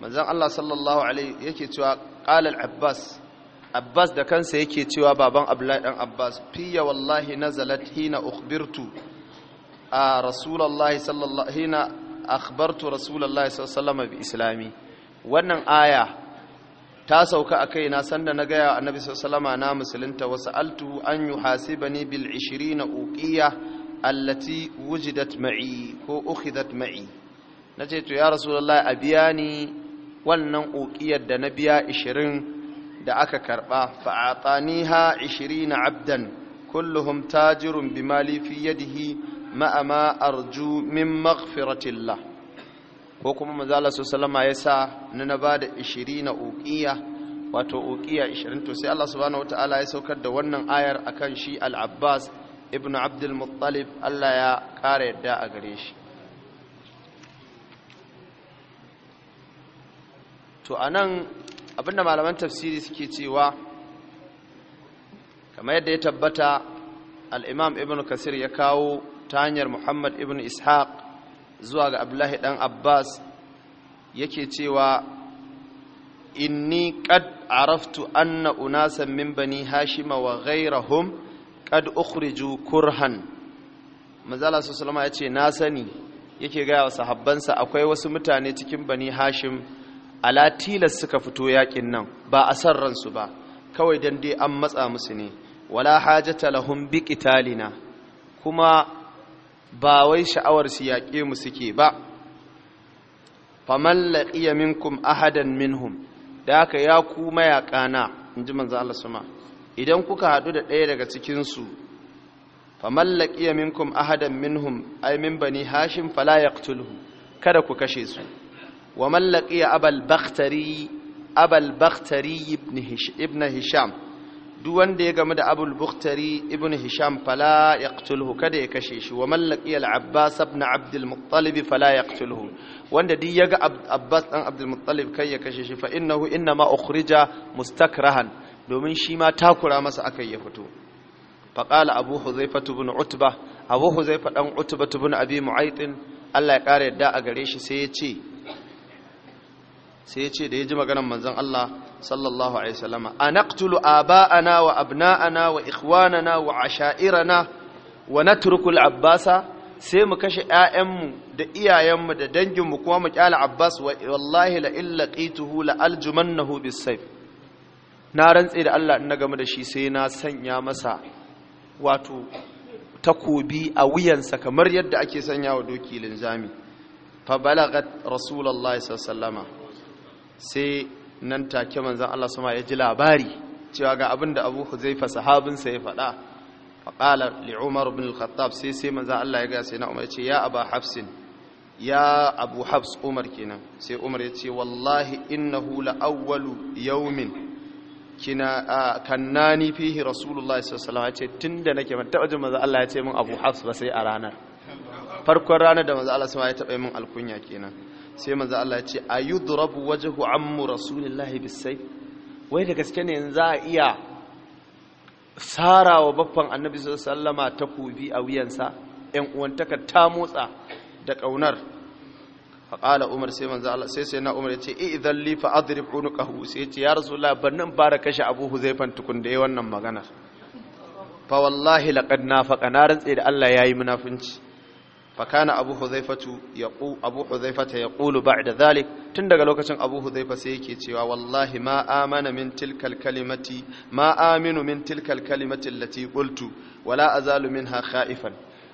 manzon Allah sallallahu alaihi yake cewa qala abbas abbas da kansa yake cewa baban abdullahi dan abbas fiya wallahi nazalat hina ukhbirtu a rasulullahi sallallahu hina akhbartu rasulullahi sallallahu alaihi bi islami wannan aya ta sauka a kaina sanda na gaya annabi sallallahu na musulunta wasu altu an hasibani bil 20 uqiya allati wujidat ma'i ko ukhidat ma'i nace to ya a biya ni. wannan uƙiyar da na biya ishirin da aka karɓa fa'ataniha ishirin abdan kulluhum jirun bi malifi yadihi ma'ama arju min maghfiratillah ko kuma manzala su salama ya sa na na ba da ishirin uƙiya wato uƙiya ishirin to sai Allah subhanahu wata'ala ya saukar da wannan ayar akan shi al-abbas ibn abdul muttalib Allah ya ƙara yadda a gare shi to a nan abinda malaman tafsiri suke cewa kamar yadda ya tabbata al'imam ibn kasir ya kawo ta hanyar muhammad ibn ishaq zuwa ga abdullahi ɗan abbas yake cewa inni qad araftu anna unasan min bani hashima wa ghairahum ƙad ukhriju kurhan mazala salama ya ce na sani yake gaya wa sahabbansa akwai wasu mutane cikin bani hashim ala tilas suka fito yakin nan ba a san ransu ba kawai dan dai an matsa musu ne wala hajata lahum bi qitalina kuma ba wai sha'awar su yake mu suke ba faman laqiya minkum ahadan minhum da haka ya ku mayaƙana in ji manzo Allah suma idan kuka haɗu da ɗaya daga cikin su faman laqiya minkum ahadan minhum ay min bani hashim fala yaqtulhu kada ku kashe su ومن لقي أبا البختري أبا البختري ابن, هش ابن هشام دوان دي قمد أبو البختري ابن هشام فلا يقتله كده يكشيش ومن لقي العباس ابن عبد المطلب فلا يقتله وان دي يقى عباس ابن عبد المطلب كي يكشيش فإنه إنما أخرج مستكرها domin شيما ma takura masa يفتو فقال fito faƙala بن huzaifa tubun utba بن huzaifa بن utba معيط الله mu'aitin allah ya ƙara yadda sai ya ce da ya ji maganar manzan Allah sallallahu alaihi wasallama anaqtulu aba'ana wa abna'ana wa ikhwanana wa asha'irana wa na al-abbasa sai mu kashe yayanmu da iyayenmu da danginmu kuma mu kyala abbas wallahi la illa qituhu la aljumannahu bisayf na rantse da Allah in na gama da shi sai na sanya masa wato takobi a wuyansa kamar yadda ake sanya wa doki linzami fa balagat rasulullahi sallallahu alaihi wasallama sai nan take manzan Allah sama ya ji labari cewa ga abin da abu huzaifa sahabinsa ya faɗa faƙala li umar bin al-khattab sai sai manzan Allah ya gasa na umar ya ce ya hafsin ya abu hafs umar kenan sai umar ya ce wallahi innahu hula awwalu yawmin kina kannani fihi rasulullahi sallallahu alaihi wasallam ya ce tunda nake ban taba jin manzan Allah ya ce min abu hafs ba sai a ranar farkon ranar da manzan Allah sama ya taba min alkunya kenan sai manzo Allah ya ce ayudrabu wajhu ammu rasulillahi bisayf wai da gaske ne za a iya sarawa baffan annabi sallama takobi a wuyansa yan uwantaka ta motsa da kaunar faqala umar sai manzo Allah sai sai na umar ya ce idan li fa adrib unuqahu sai ya ce ya rasulullah bannan bara kashe abu huzaifan tukun da yi wannan maganar fa wallahi laqad nafaqa na rantse da Allah yayi munafunci Fakana ابو حذيفه يقول ابو حذيفه يقول بعد ذلك tun daga lokacin abu hudhaifa sai yake cewa wallahi ma amana min tilkal kalimati ma aminu min tilkal kalimati allati qultu wala azalu minha khaifan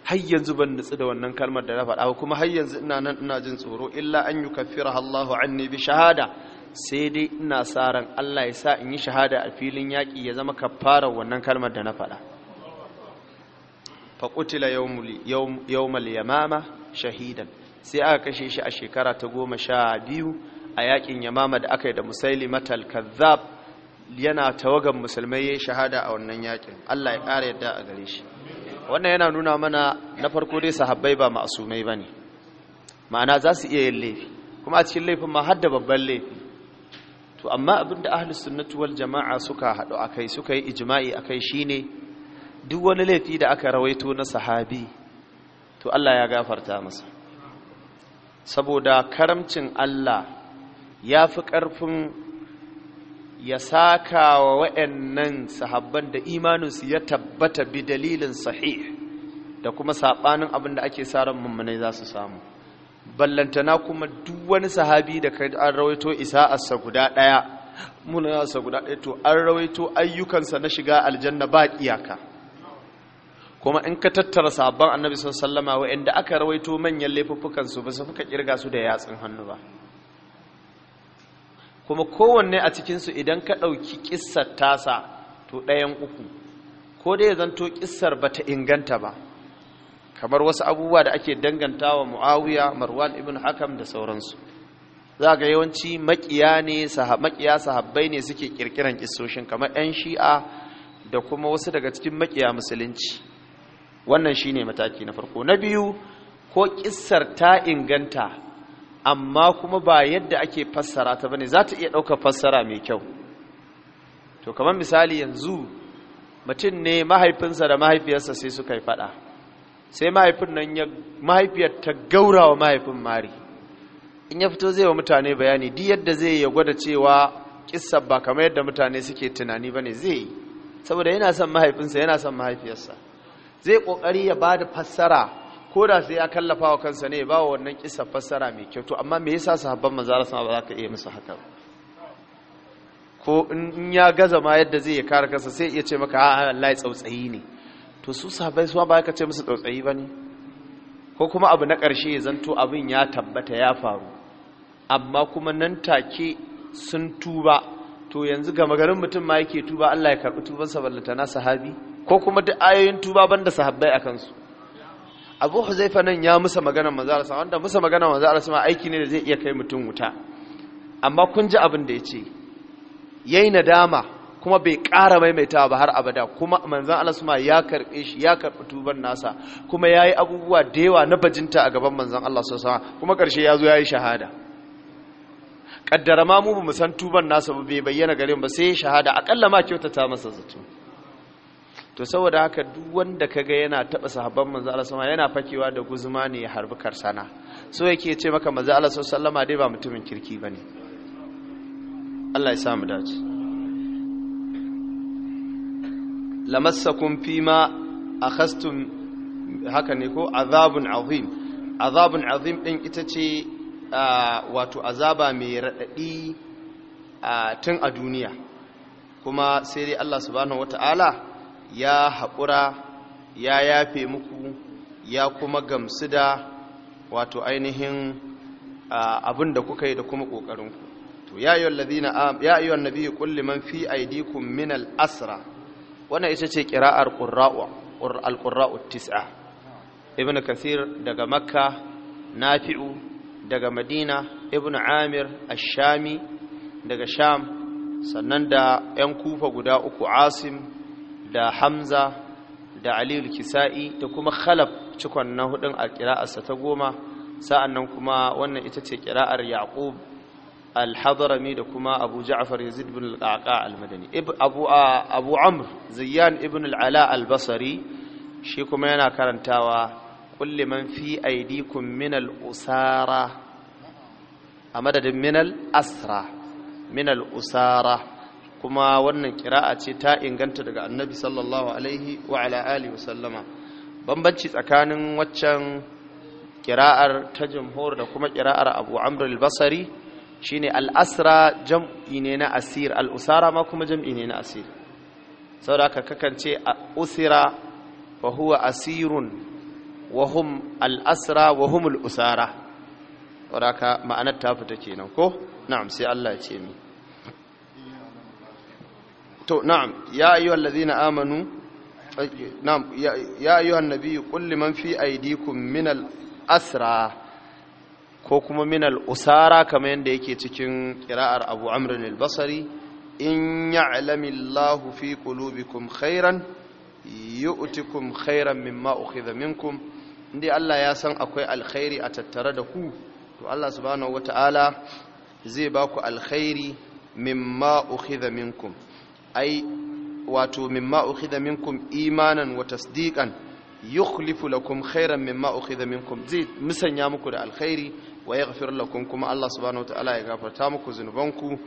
har yanzu ban nutsu da wannan kalmar da na faɗa kuma har yanzu ina nan ina jin tsoro illa an yi kafira Allahu anni bi shahada sai dai ina sa ran Allah ya sa in yi shahada a filin yaƙi ya zama kafara wannan kalmar da na faɗa faƙutila yawmal yamama shahidan sai aka kashe shi a shekara ta goma sha biyu a yakin yamama da aka yi da musaili matal kazzab yana tawagan musulmai ya shahada a wannan yakin allah ya ƙara yadda a gare shi wannan yana nuna mana na farko dai sahabbai ba ma'asumai ba ne ma'ana za su iya yin laifi kuma a cikin laifin ma hadda babban laifi to amma abinda ahlus sunnatu wal jama'a suka haɗu akai suka yi ijma'i akai shine duk wani laifi da aka rawaito na sahabi to Allah ya gafarta masa saboda karamcin Allah ya fi ƙarfin ya saka wa waɗannan sahabban da imaninsu ya tabbata bi dalilin sahih da kuma saɓanin abin da ake sa ran mummunai za su samu ballantana kuma duk wani sahabi da an rawaito isa'arsa guda ɗaya munanarsa guda ɗaya to an rawaito ayyukansa na shiga aljanna ba iyaka kuma in ka tattara sabon annabi sallama inda aka rawaito manyan laifuffukan su ba su fuka kirga su da yatsun hannu ba kuma kowanne a cikinsu idan ka ɗauki ƙissar tasa to ɗayan uku ko dai zanto ƙissar ba ta inganta ba kamar wasu abubuwa da ake danganta wa mu'awiya marwan ibn hakam da sauransu za ga yawanci makiya ne makiya sahabbai ne suke kirkiran kissoshin kamar 'yan shi'a da kuma wasu daga cikin makiya musulunci wannan shine mataki na farko na biyu ko kisar ta inganta amma kuma ba yadda ake fassara ta bane za ta iya ɗaukar fassara mai kyau to kamar misali yanzu mutum ne mahaifinsa da mahaifiyarsa sai suka yi faɗa sai mahaifin nan ya mahaifiyar ta gaurawa mahaifin mari in ya fito zai wa mutane bayani duk yadda zai ya gwada cewa kissa ba kamar yadda mutane suke tunani bane zai yi saboda yana son mahaifinsa yana son mahaifiyarsa zai kokari ya bada fassara ko da sai ya kallafa wa kansa ne ba wannan kisa fassara mai kyau to amma me yasa sahabban manzo Allah ba za ka iya musu haka ko in ya gaza ma yadda zai ya kare kansa sai iya ce maka a Allah tsautsayi ne to su sahabbai su ba ka ce musu tsautsayi bane ko kuma abu na ƙarshe ya zanto abin ya tabbata ya faru amma kuma nan take sun tuba to yanzu ga garin mutum ma yake tuba Allah ya karɓi tubansa ballata na sahabi ko kuma duk ayoyin tuba banda sahabbai akan su abu huzaifa nan ya musa magana manzo Allah wanda musa magana manzo Allah aiki ne da zai iya kai mutum wuta amma kun ji abin da yace yayi nadama kuma bai ƙara maimaita ba har abada kuma Manzan Allah suma ya karbe shi ya karbi tuban nasa kuma yayi abubuwa da yawa na bajinta a gaban manzon Allah sallallahu kuma karshe yazo yayi shahada kaddara ma mu musan san tuban nasa ba bai bayyana gare mu ba sai shahada akalla ma kyautata masa zato to saboda haka duk wanda kaga yana taba sahabban manzo Allah yana fakewa da guzuma ne ya harbi karsana so yake ce maka manzo Allah sallama dai ba mutumin kirki bane Allah ya sa mu dace lamassakum fima akhastum haka ne ko azabun azim azabun azim din ita ce wato azaba mai radadi tun a duniya kuma sai dai Allah subhanahu wataala ya haƙura ya yafe muku ya kuma gamsu da wato ainihin abin da kuka yi da kuma ƙoƙarinku to ya yi wannan biyu kulli man fi aidikun min al'asra Wani ita ce ƙira'ar al tis'a ibn kasir daga makka nafi'u daga madina ibn amir ashami daga sham sannan da 'yan kufa guda uku asim da hamza da aliyu kisa'i da kuma khalaf cikon na hudun a ƙira'arsa ta goma sa'an nan kuma wannan ita ce ƙira'ar yaƙub al-hadarami da kuma abu ja'far yazid ibn al-qaqa al-madani abu abu amr ziyyan ibn al-ala al-basri shi kuma yana karantawa kulli man fi aydikum min al-usara a madadin min al-asra min al-usara kuma wannan kira'a ce ta inganta daga annabi sallallahu alaihi wa ala alihi wasallama bambanci tsakanin waccan kira'ar ta jamhur da kuma kira'ar abu amr al-basari shine al-asra jam'i ne na asir al-usara ma kuma jam'i ne na asir saboda haka kakan ce usira wa huwa asirun wa hum al-asra wa hum al-usara saboda haka ma'anar ta fita kenan ko na'am sai Allah ya ce mi to na'am ya ayyuhal ladina amanu na'am ya ayyuhan nabiyyu qul liman fi aydikum min al asra ko kuma min al usara kamar yanda yake cikin qira'ar Abu Amr al Basri in ya'lamu fi qulubikum khairan yu'tikum khairan mimma ukhidha minkum indai Allah ya san akwai alkhairi a tattare da ku to Allah subhanahu wata'ala zai ba ku alkhairi mimma ukhidha minkum ai wato mimma ukhidha minkum imanan wa tasdiqan yukhlifu lakum khairan mimma ukhidha minkum zai musanya muku da alkhairi wa yaghfir lakum kuma Allah subhanahu wataala ya gafarta muku zunubanku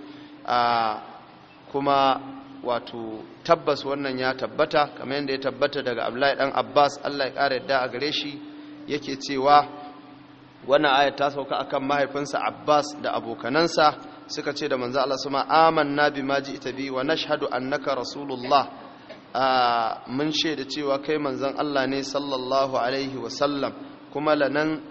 kuma wato tabbas wannan ya tabbata kamar yadda ya tabbata daga Abdullahi dan Abbas Allah ya kare yadda a gare shi yake cewa wannan aya ta sauka akan mahaifinsa Abbas da abokanansa suka ce da manzo Allah suma amanna bima ji'ta bi wa nashhadu annaka rasulullah mun shaida cewa kai manzon Allah ne sallallahu alaihi wa sallam kuma lanan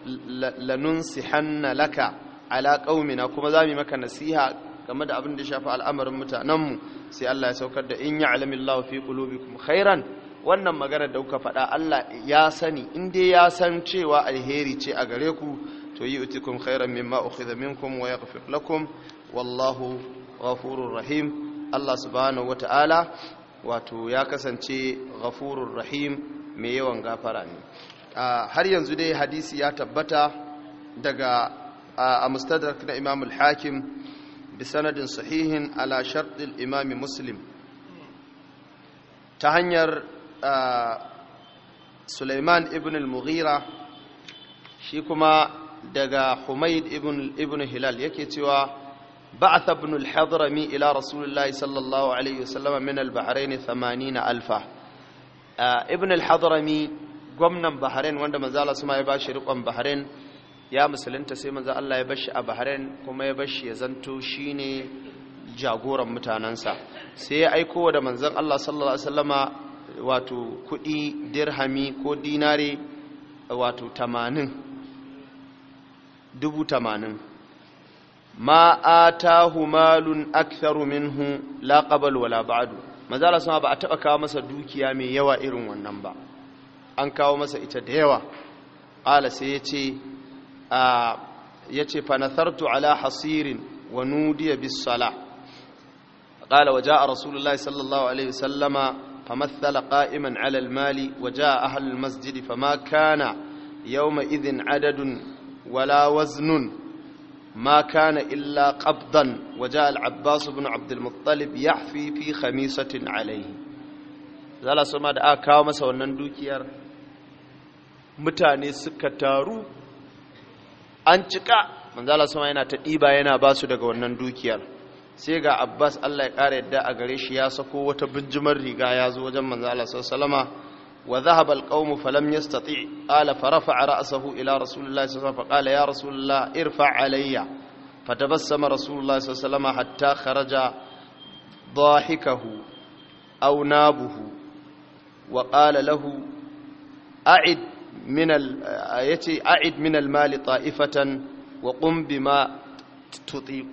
lanunsihanna laka ala qaumina kuma za mu maka nasiha game da abin da shafi al'amarin mutanenmu sai Allah ya saukar da in Allah fi qulubikum khairan wannan magana da kuka faɗa Allah ya sani in dai ya san cewa alheri ce a gare ku to yi utikum khairan mimma ukhidha minkum wa yaghfir lakum wallahu ghafurur rahim Allah subhanahu wata'ala wato ya kasance ghafurur rahim mai yawan gafara ne har yanzu dai hadisi ya tabbata daga a mustadrak na Imam al-Hakim bi sanadin sahihin ala shart al-Imam Muslim ta hanyar Sulaiman ibn al-Mughira shi kuma daga Humayd ibn ibn Hilal yake cewa بعث ابن الحضرمي إلى رسول الله صلى الله عليه وسلم من البحرين ثمانين ألفا ابن الحضرمي قمنا بحرين وانده مزالة سما يباشي رقم بحرين ya musulunta sai manzo Allah ya bashi a Bahrain kuma ya bashi ya zanto shine jagoran mutanansa sai ya aiko da manzon Allah sallallahu alaihi wasallama wato kudi dirhami ko dinare wato 80 dubu 80 ma atahu malun aktharu minhu la qabl wala ba'du manzo Allah sama ba a taba kawo masa dukiya mai yawa irin wannan ba an kawo masa ita da yawa qala sai yace a yace fa nathartu ala hasirin wa nudiya bis sala qala wa jaa rasulullahi sallallahu alaihi wasallama فمثل قائما على المال وجاء أهل المسجد فما كان يومئذ عدد wala waznun. ما كان إلا قبضا وجاء العباس بن عبد المطلب يحفي في خميسة عليه zala sama da aka kawo masa wannan dukiyar mutane suka taru an cika manzala sama yana ta ɗiba yana basu daga wannan dukiyar sai ga abbas allah ya ƙara yadda a gare shi ya sako wata binjimar riga ya zo wajen manzala sallama وذهب القوم فلم يستطيع قال فرفع رأسه إلى رسول الله صلى الله عليه وسلم فقال يا رسول الله ارفع علي فتبسم رسول الله صلى الله عليه وسلم حتى خرج ضاحكه أو نابه وقال له أعد من أعد من المال طائفة وقم بما تطيق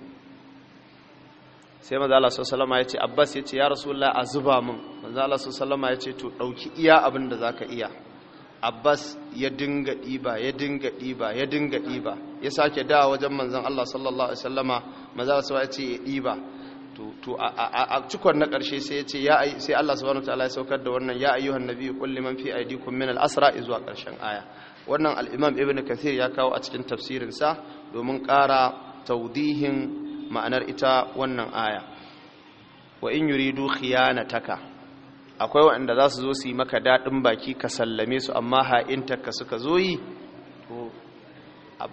sai manzo Allah salama ya ce Abbas ya ce ya Rasulullah a zuba min manzo Allah salama ya ce to ɗauki iya abin da za ka iya Abbas ya dinga ɗiba ya dinga ɗiba ya dinga ɗiba ya sake da wajen manzan Allah sallallahu alaihi wasallama manzo ya ce ya ɗiba to a cikon na ƙarshe sai ya ce ya sai Allah subhanahu wataala ya saukar da wannan ya ayyuhan nabiyyu qul liman fi aydikum min al-asra zuwa ƙarshen aya wannan al-imam ibn kathir ya kawo a cikin tafsirinsa domin ƙara ta'udihin. ma'anar ita wannan aya wa in yuridu khiyanataka akwai waɗanda za su zo su yi maka daɗin baki ka sallame su amma ha'intarka suka zo yi to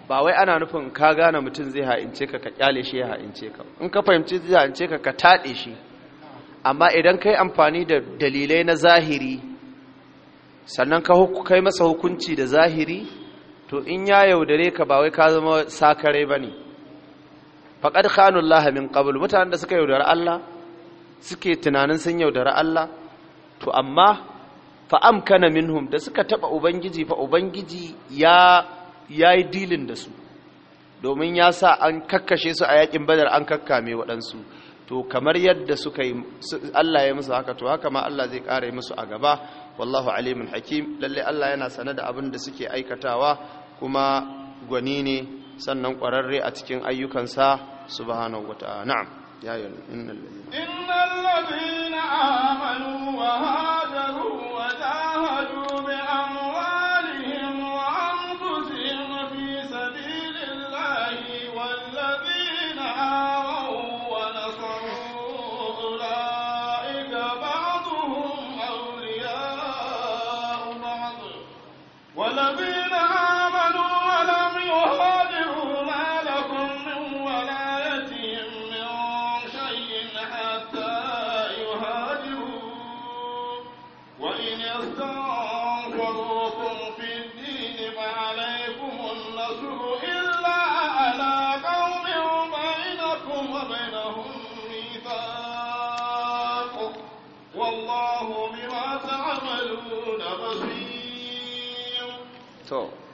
ba wai ana nufin ka gane mutum zai ha'ince ka ka kyale shi ya ha'ince ka in ka fahimci zai ha'ince ka ka taɗe shi amma idan kai amfani da dalilai na zahiri sannan ka kai masa hukunci da zahiri to in ya yaudare ka ba wai ka zama sakare ba ne Faƙad khanun lahamin min mutanen da suka yaudara Allah suke tunanin sun yaudara Allah to amma fa'amkana minhum da suka taɓa ubangiji fa ubangiji ya yi dilin da su domin ya sa an kakkashe su a yaƙin badar an kakkame waɗansu to kamar yadda suka yi Allah ya musu haka to haka ma Allah zai ƙara musu a gaba wallahu alimin hakim lalle Allah yana sane da abin da suke aikatawa kuma gwani ne sannan ƙwararre a cikin ayyukansa subhanahu wata na'am ya yi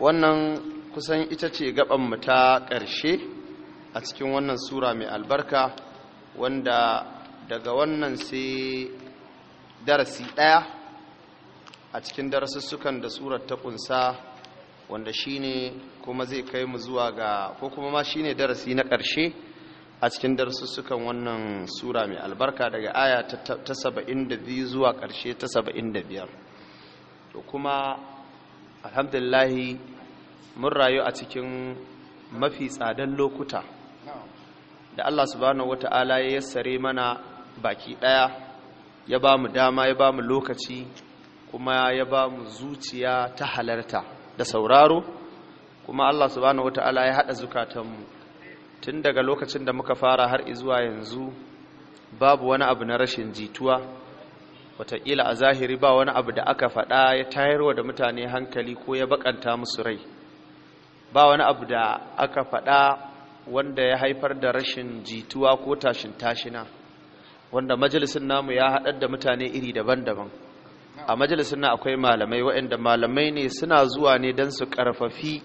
wannan kusan ita ce gabanmu ta ƙarshe a cikin wannan sura mai albarka wanda daga wannan sai darasi ɗaya a cikin darasussukan da surar ta ƙunsa wanda shine kuma zai kai mu zuwa ga ko kuma ma shine darasi na ƙarshe a cikin darasussukan wannan sura mai albarka daga aya ta saba'in da biyu zuwa ƙarshe ta saba'in da biyar to kuma alhamdulillahi mun rayu a cikin mafi tsadan lokuta da Allah subhanahu wata'ala ya yassare mana baki ɗaya ya ba mu dama ya ba mu lokaci kuma ya ba mu zuciya ta halarta da sauraro kuma Allah subhanahu wata'ala ya hada zukatanmu tun daga lokacin da muka fara har izuwa yanzu babu wani abu na rashin jituwa wataƙila a zahiri ba wani abu da aka faɗa ya tayarwa da mutane hankali ko ya bakanta musu rai ba wani abu da aka faɗa wanda ya haifar da rashin jituwa ko tashin tashina wanda majalisun namu ya haɗar da mutane iri daban-daban a majalisun na akwai malamai waɗanda malamai ne suna zuwa ne don su ƙarfafi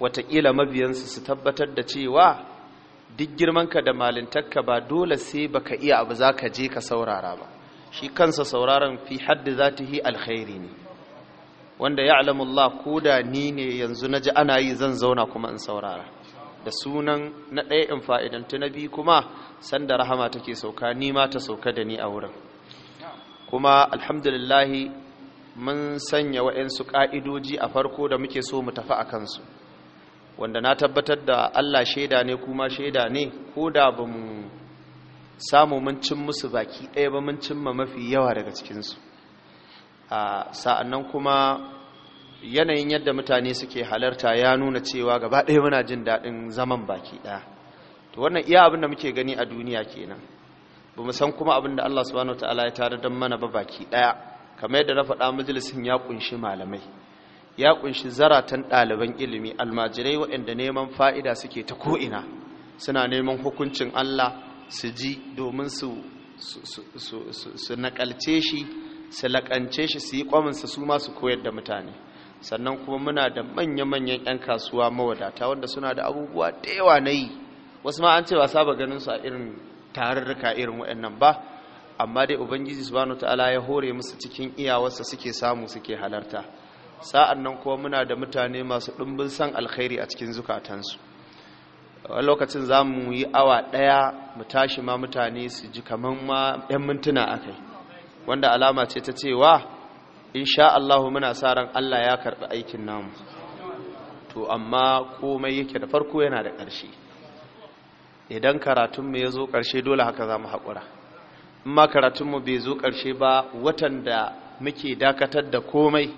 watakila mabiyansu su tabbatar da cewa duk girmanka da malintakka ba dole sai baka iya abu za ka je ka saurara ba shi kansa sauraron fi haddi za ta yi alkhairi ne wanda ya alamullah ko da ni ne yanzu na ji ana yi zan zauna kuma in saurara da sunan na ɗaya in fa'idantu na biyu kuma sanda rahama take sauka ni ma ta sauka da ni a wurin kuma alhamdulillahi mun sanya wa'yansu ƙa'idoji a farko da muke so mu tafi a kansu wanda na tabbatar da allah shaida ne kuma shaida ne ko da ba mu samu mun cin musu baki ɗaya ba mun cin ma mafi yawa daga cikinsu sa'annan kuma yanayin yadda mutane suke halarta ya nuna cewa gaba ɗaya muna jin daɗin zaman baki ɗaya to wannan iya abin da muke gani a duniya kenan ba mu san kuma abin da Allah subhanahu ta'ala ya tare don mana ba baki ɗaya kamar yadda na faɗa majalisin ya ƙunshi malamai ya ƙunshi zaratan ɗaliban ilimi almajirai waɗanda neman fa'ida suke ta ko'ina suna neman hukuncin Allah su ji domin su naƙalce shi su shi su yi kwaminsa su masu koyar da mutane sannan kuma muna da manya-manyan 'yan kasuwa mawadata wanda suna da abubuwa da yawa na yi wasu ma an ce ba saba ganin su a irin tarurruka irin waɗannan ba amma dai ubangiji subhanahu ta'ala ya hore musu cikin iyawarsa suke samu suke halarta sa'an nan kuma muna da mutane masu ɗumbin san alkhairi a cikin zukatansu lokacin za mu yi awa ɗaya mu tashi ma mutane su ji kamar ma 'yan mintuna akai wanda alama ce ta cewa insha Allahu muna sa ran Allah ya karɓi aikin namu to amma komai yake da farko yana da ƙarshe idan karatunmu ya zo ƙarshe dole haka za mu haƙura amma mu bai zo ƙarshe ba watan da muke dakatar da komai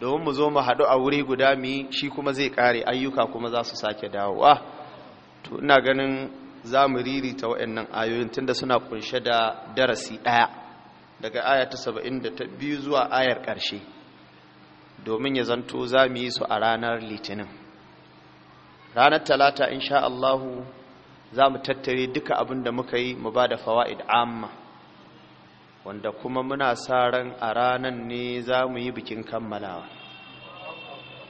domin mu zo mu haɗu a wuri guda mu shi kuma zai ƙare ayyuka kuma za su sake dawowa to ina ganin za mu ririta waɗannan ayoyin tunda suna kunshe da darasi ɗaya daga aya ta saba'in da ta biyu zuwa ayar ƙarshe domin ya zanto za mu yi su a ranar litinin ranar talata sha Allahu za mu tattare duka abin da muka yi mu ba da fawa'id amma wanda kuma muna sa ran a ranar ne za mu yi bikin kammalawa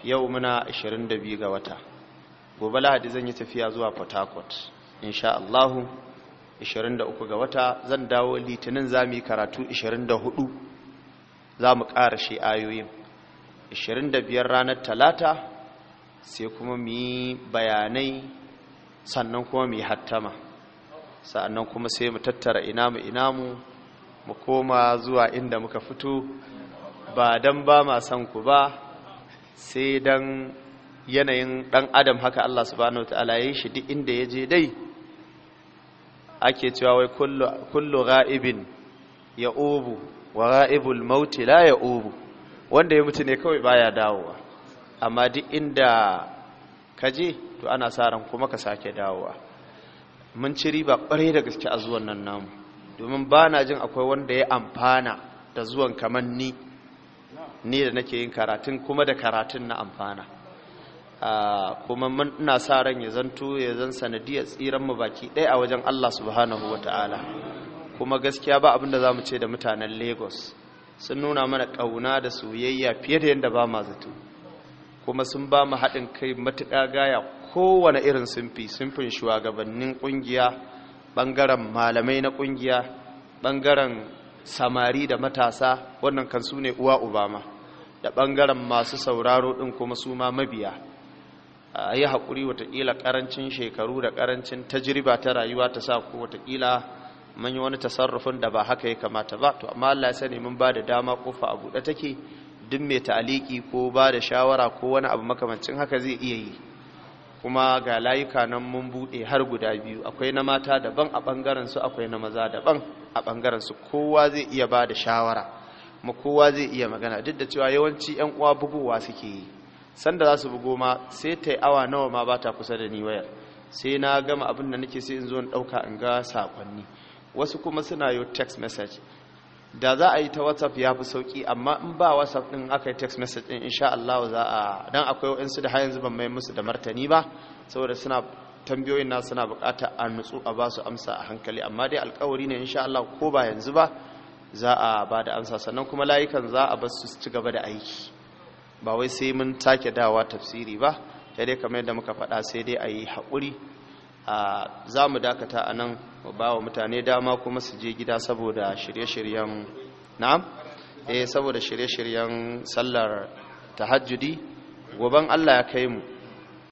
yau muna 22 ga wata gobe lahadi zan yi tafiya zuwa port harcourt Allahu 23 ga wata zan dawo litinin za mu yi karatu 24 za mu ƙara shi ayoyin 25 ranar talata sai kuma mu yi bayanai sannan kuma mu yi hattama sannan kuma sai mu tattara ina inamu ina mu mu koma zuwa inda muka fito ba don ba ma son ku ba sai don yanayin ɗan adam haka Allah subhanahu wa ta'ala ya yi shi duk inda ya je dai ake cewa wai kullu ga'ibin ya ubu wa ga'ibul mauti la ya ubu wanda ya mutu ne kawai baya dawowa amma duk inda ka je to ana sa ran kuma ka sake dawowa mun ci riba ƙwarai da gaske a zuwan nan namu domin ba na jin akwai wanda ya amfana da zuwan kamar ni ni da nake yin karatun kuma da karatun na amfana kuma ina sa ran ya zanto ya zan sanadiyar tsiran mu baki ɗaya a wajen Allah subhanahu wata'ala kuma gaskiya ba abin da mu ce da mutanen Lagos sun nuna mana ƙauna da soyayya fiye da yadda ba ma zato kuma sun ba mu haɗin kai matuƙa gaya kowane irin sunfi sunfin shugabannin ƙungiya ɓangaren malamai na ƙungiya ɓangaren samari da matasa wannan kan su ne uwa obama da ɓangaren masu sauraro ɗin kuma su ma mabiya a yi haƙuri watakila ƙarancin shekaru da ƙarancin tajiriba ta rayuwa ta sa ko watakila mun yi wani tasarrufin da ba haka ya kamata ba to amma Allah ya sani mun ba da dama kofa a buɗe take duk mai ta'aliki ko ba da shawara ko wani abu makamancin haka zai iya yi kuma ga layuka nan mun buɗe har guda biyu akwai na mata daban a ɓangaren su akwai na maza daban a ɓangaren su kowa zai iya ba da shawara kuma kowa zai iya magana duk da cewa yawanci 'yan uwa bugowa suke yi sanda za su bugo ma sai ta yi awa nawa ma ba ta kusa da ni wayar sai na gama abin da nake sai in zo in ɗauka in ga sakonni wasu kuma suna yi text message da za a yi ta whatsapp ya fi sauki amma in ba whatsapp din aka yi text message din insha Allah za a dan akwai wa'insu da har yanzu ban mai musu da martani ba saboda suna tambayoyin na suna bukata a nutsu a ba su amsa a hankali amma dai alƙawari ne insha Allah ko ba yanzu ba za a ba da amsa sannan kuma layukan za a bar su ci gaba da aiki ba wai sai mun take dawa tafsiri ba sai dai kamar yadda muka faɗa sai dai a yi haƙuri za mu dakata a nan mu ba wa mutane dama kuma su je gida saboda shirye-shiryen na'am eh saboda shirye-shiryen sallar tahajjudi goban Allah ya kai mu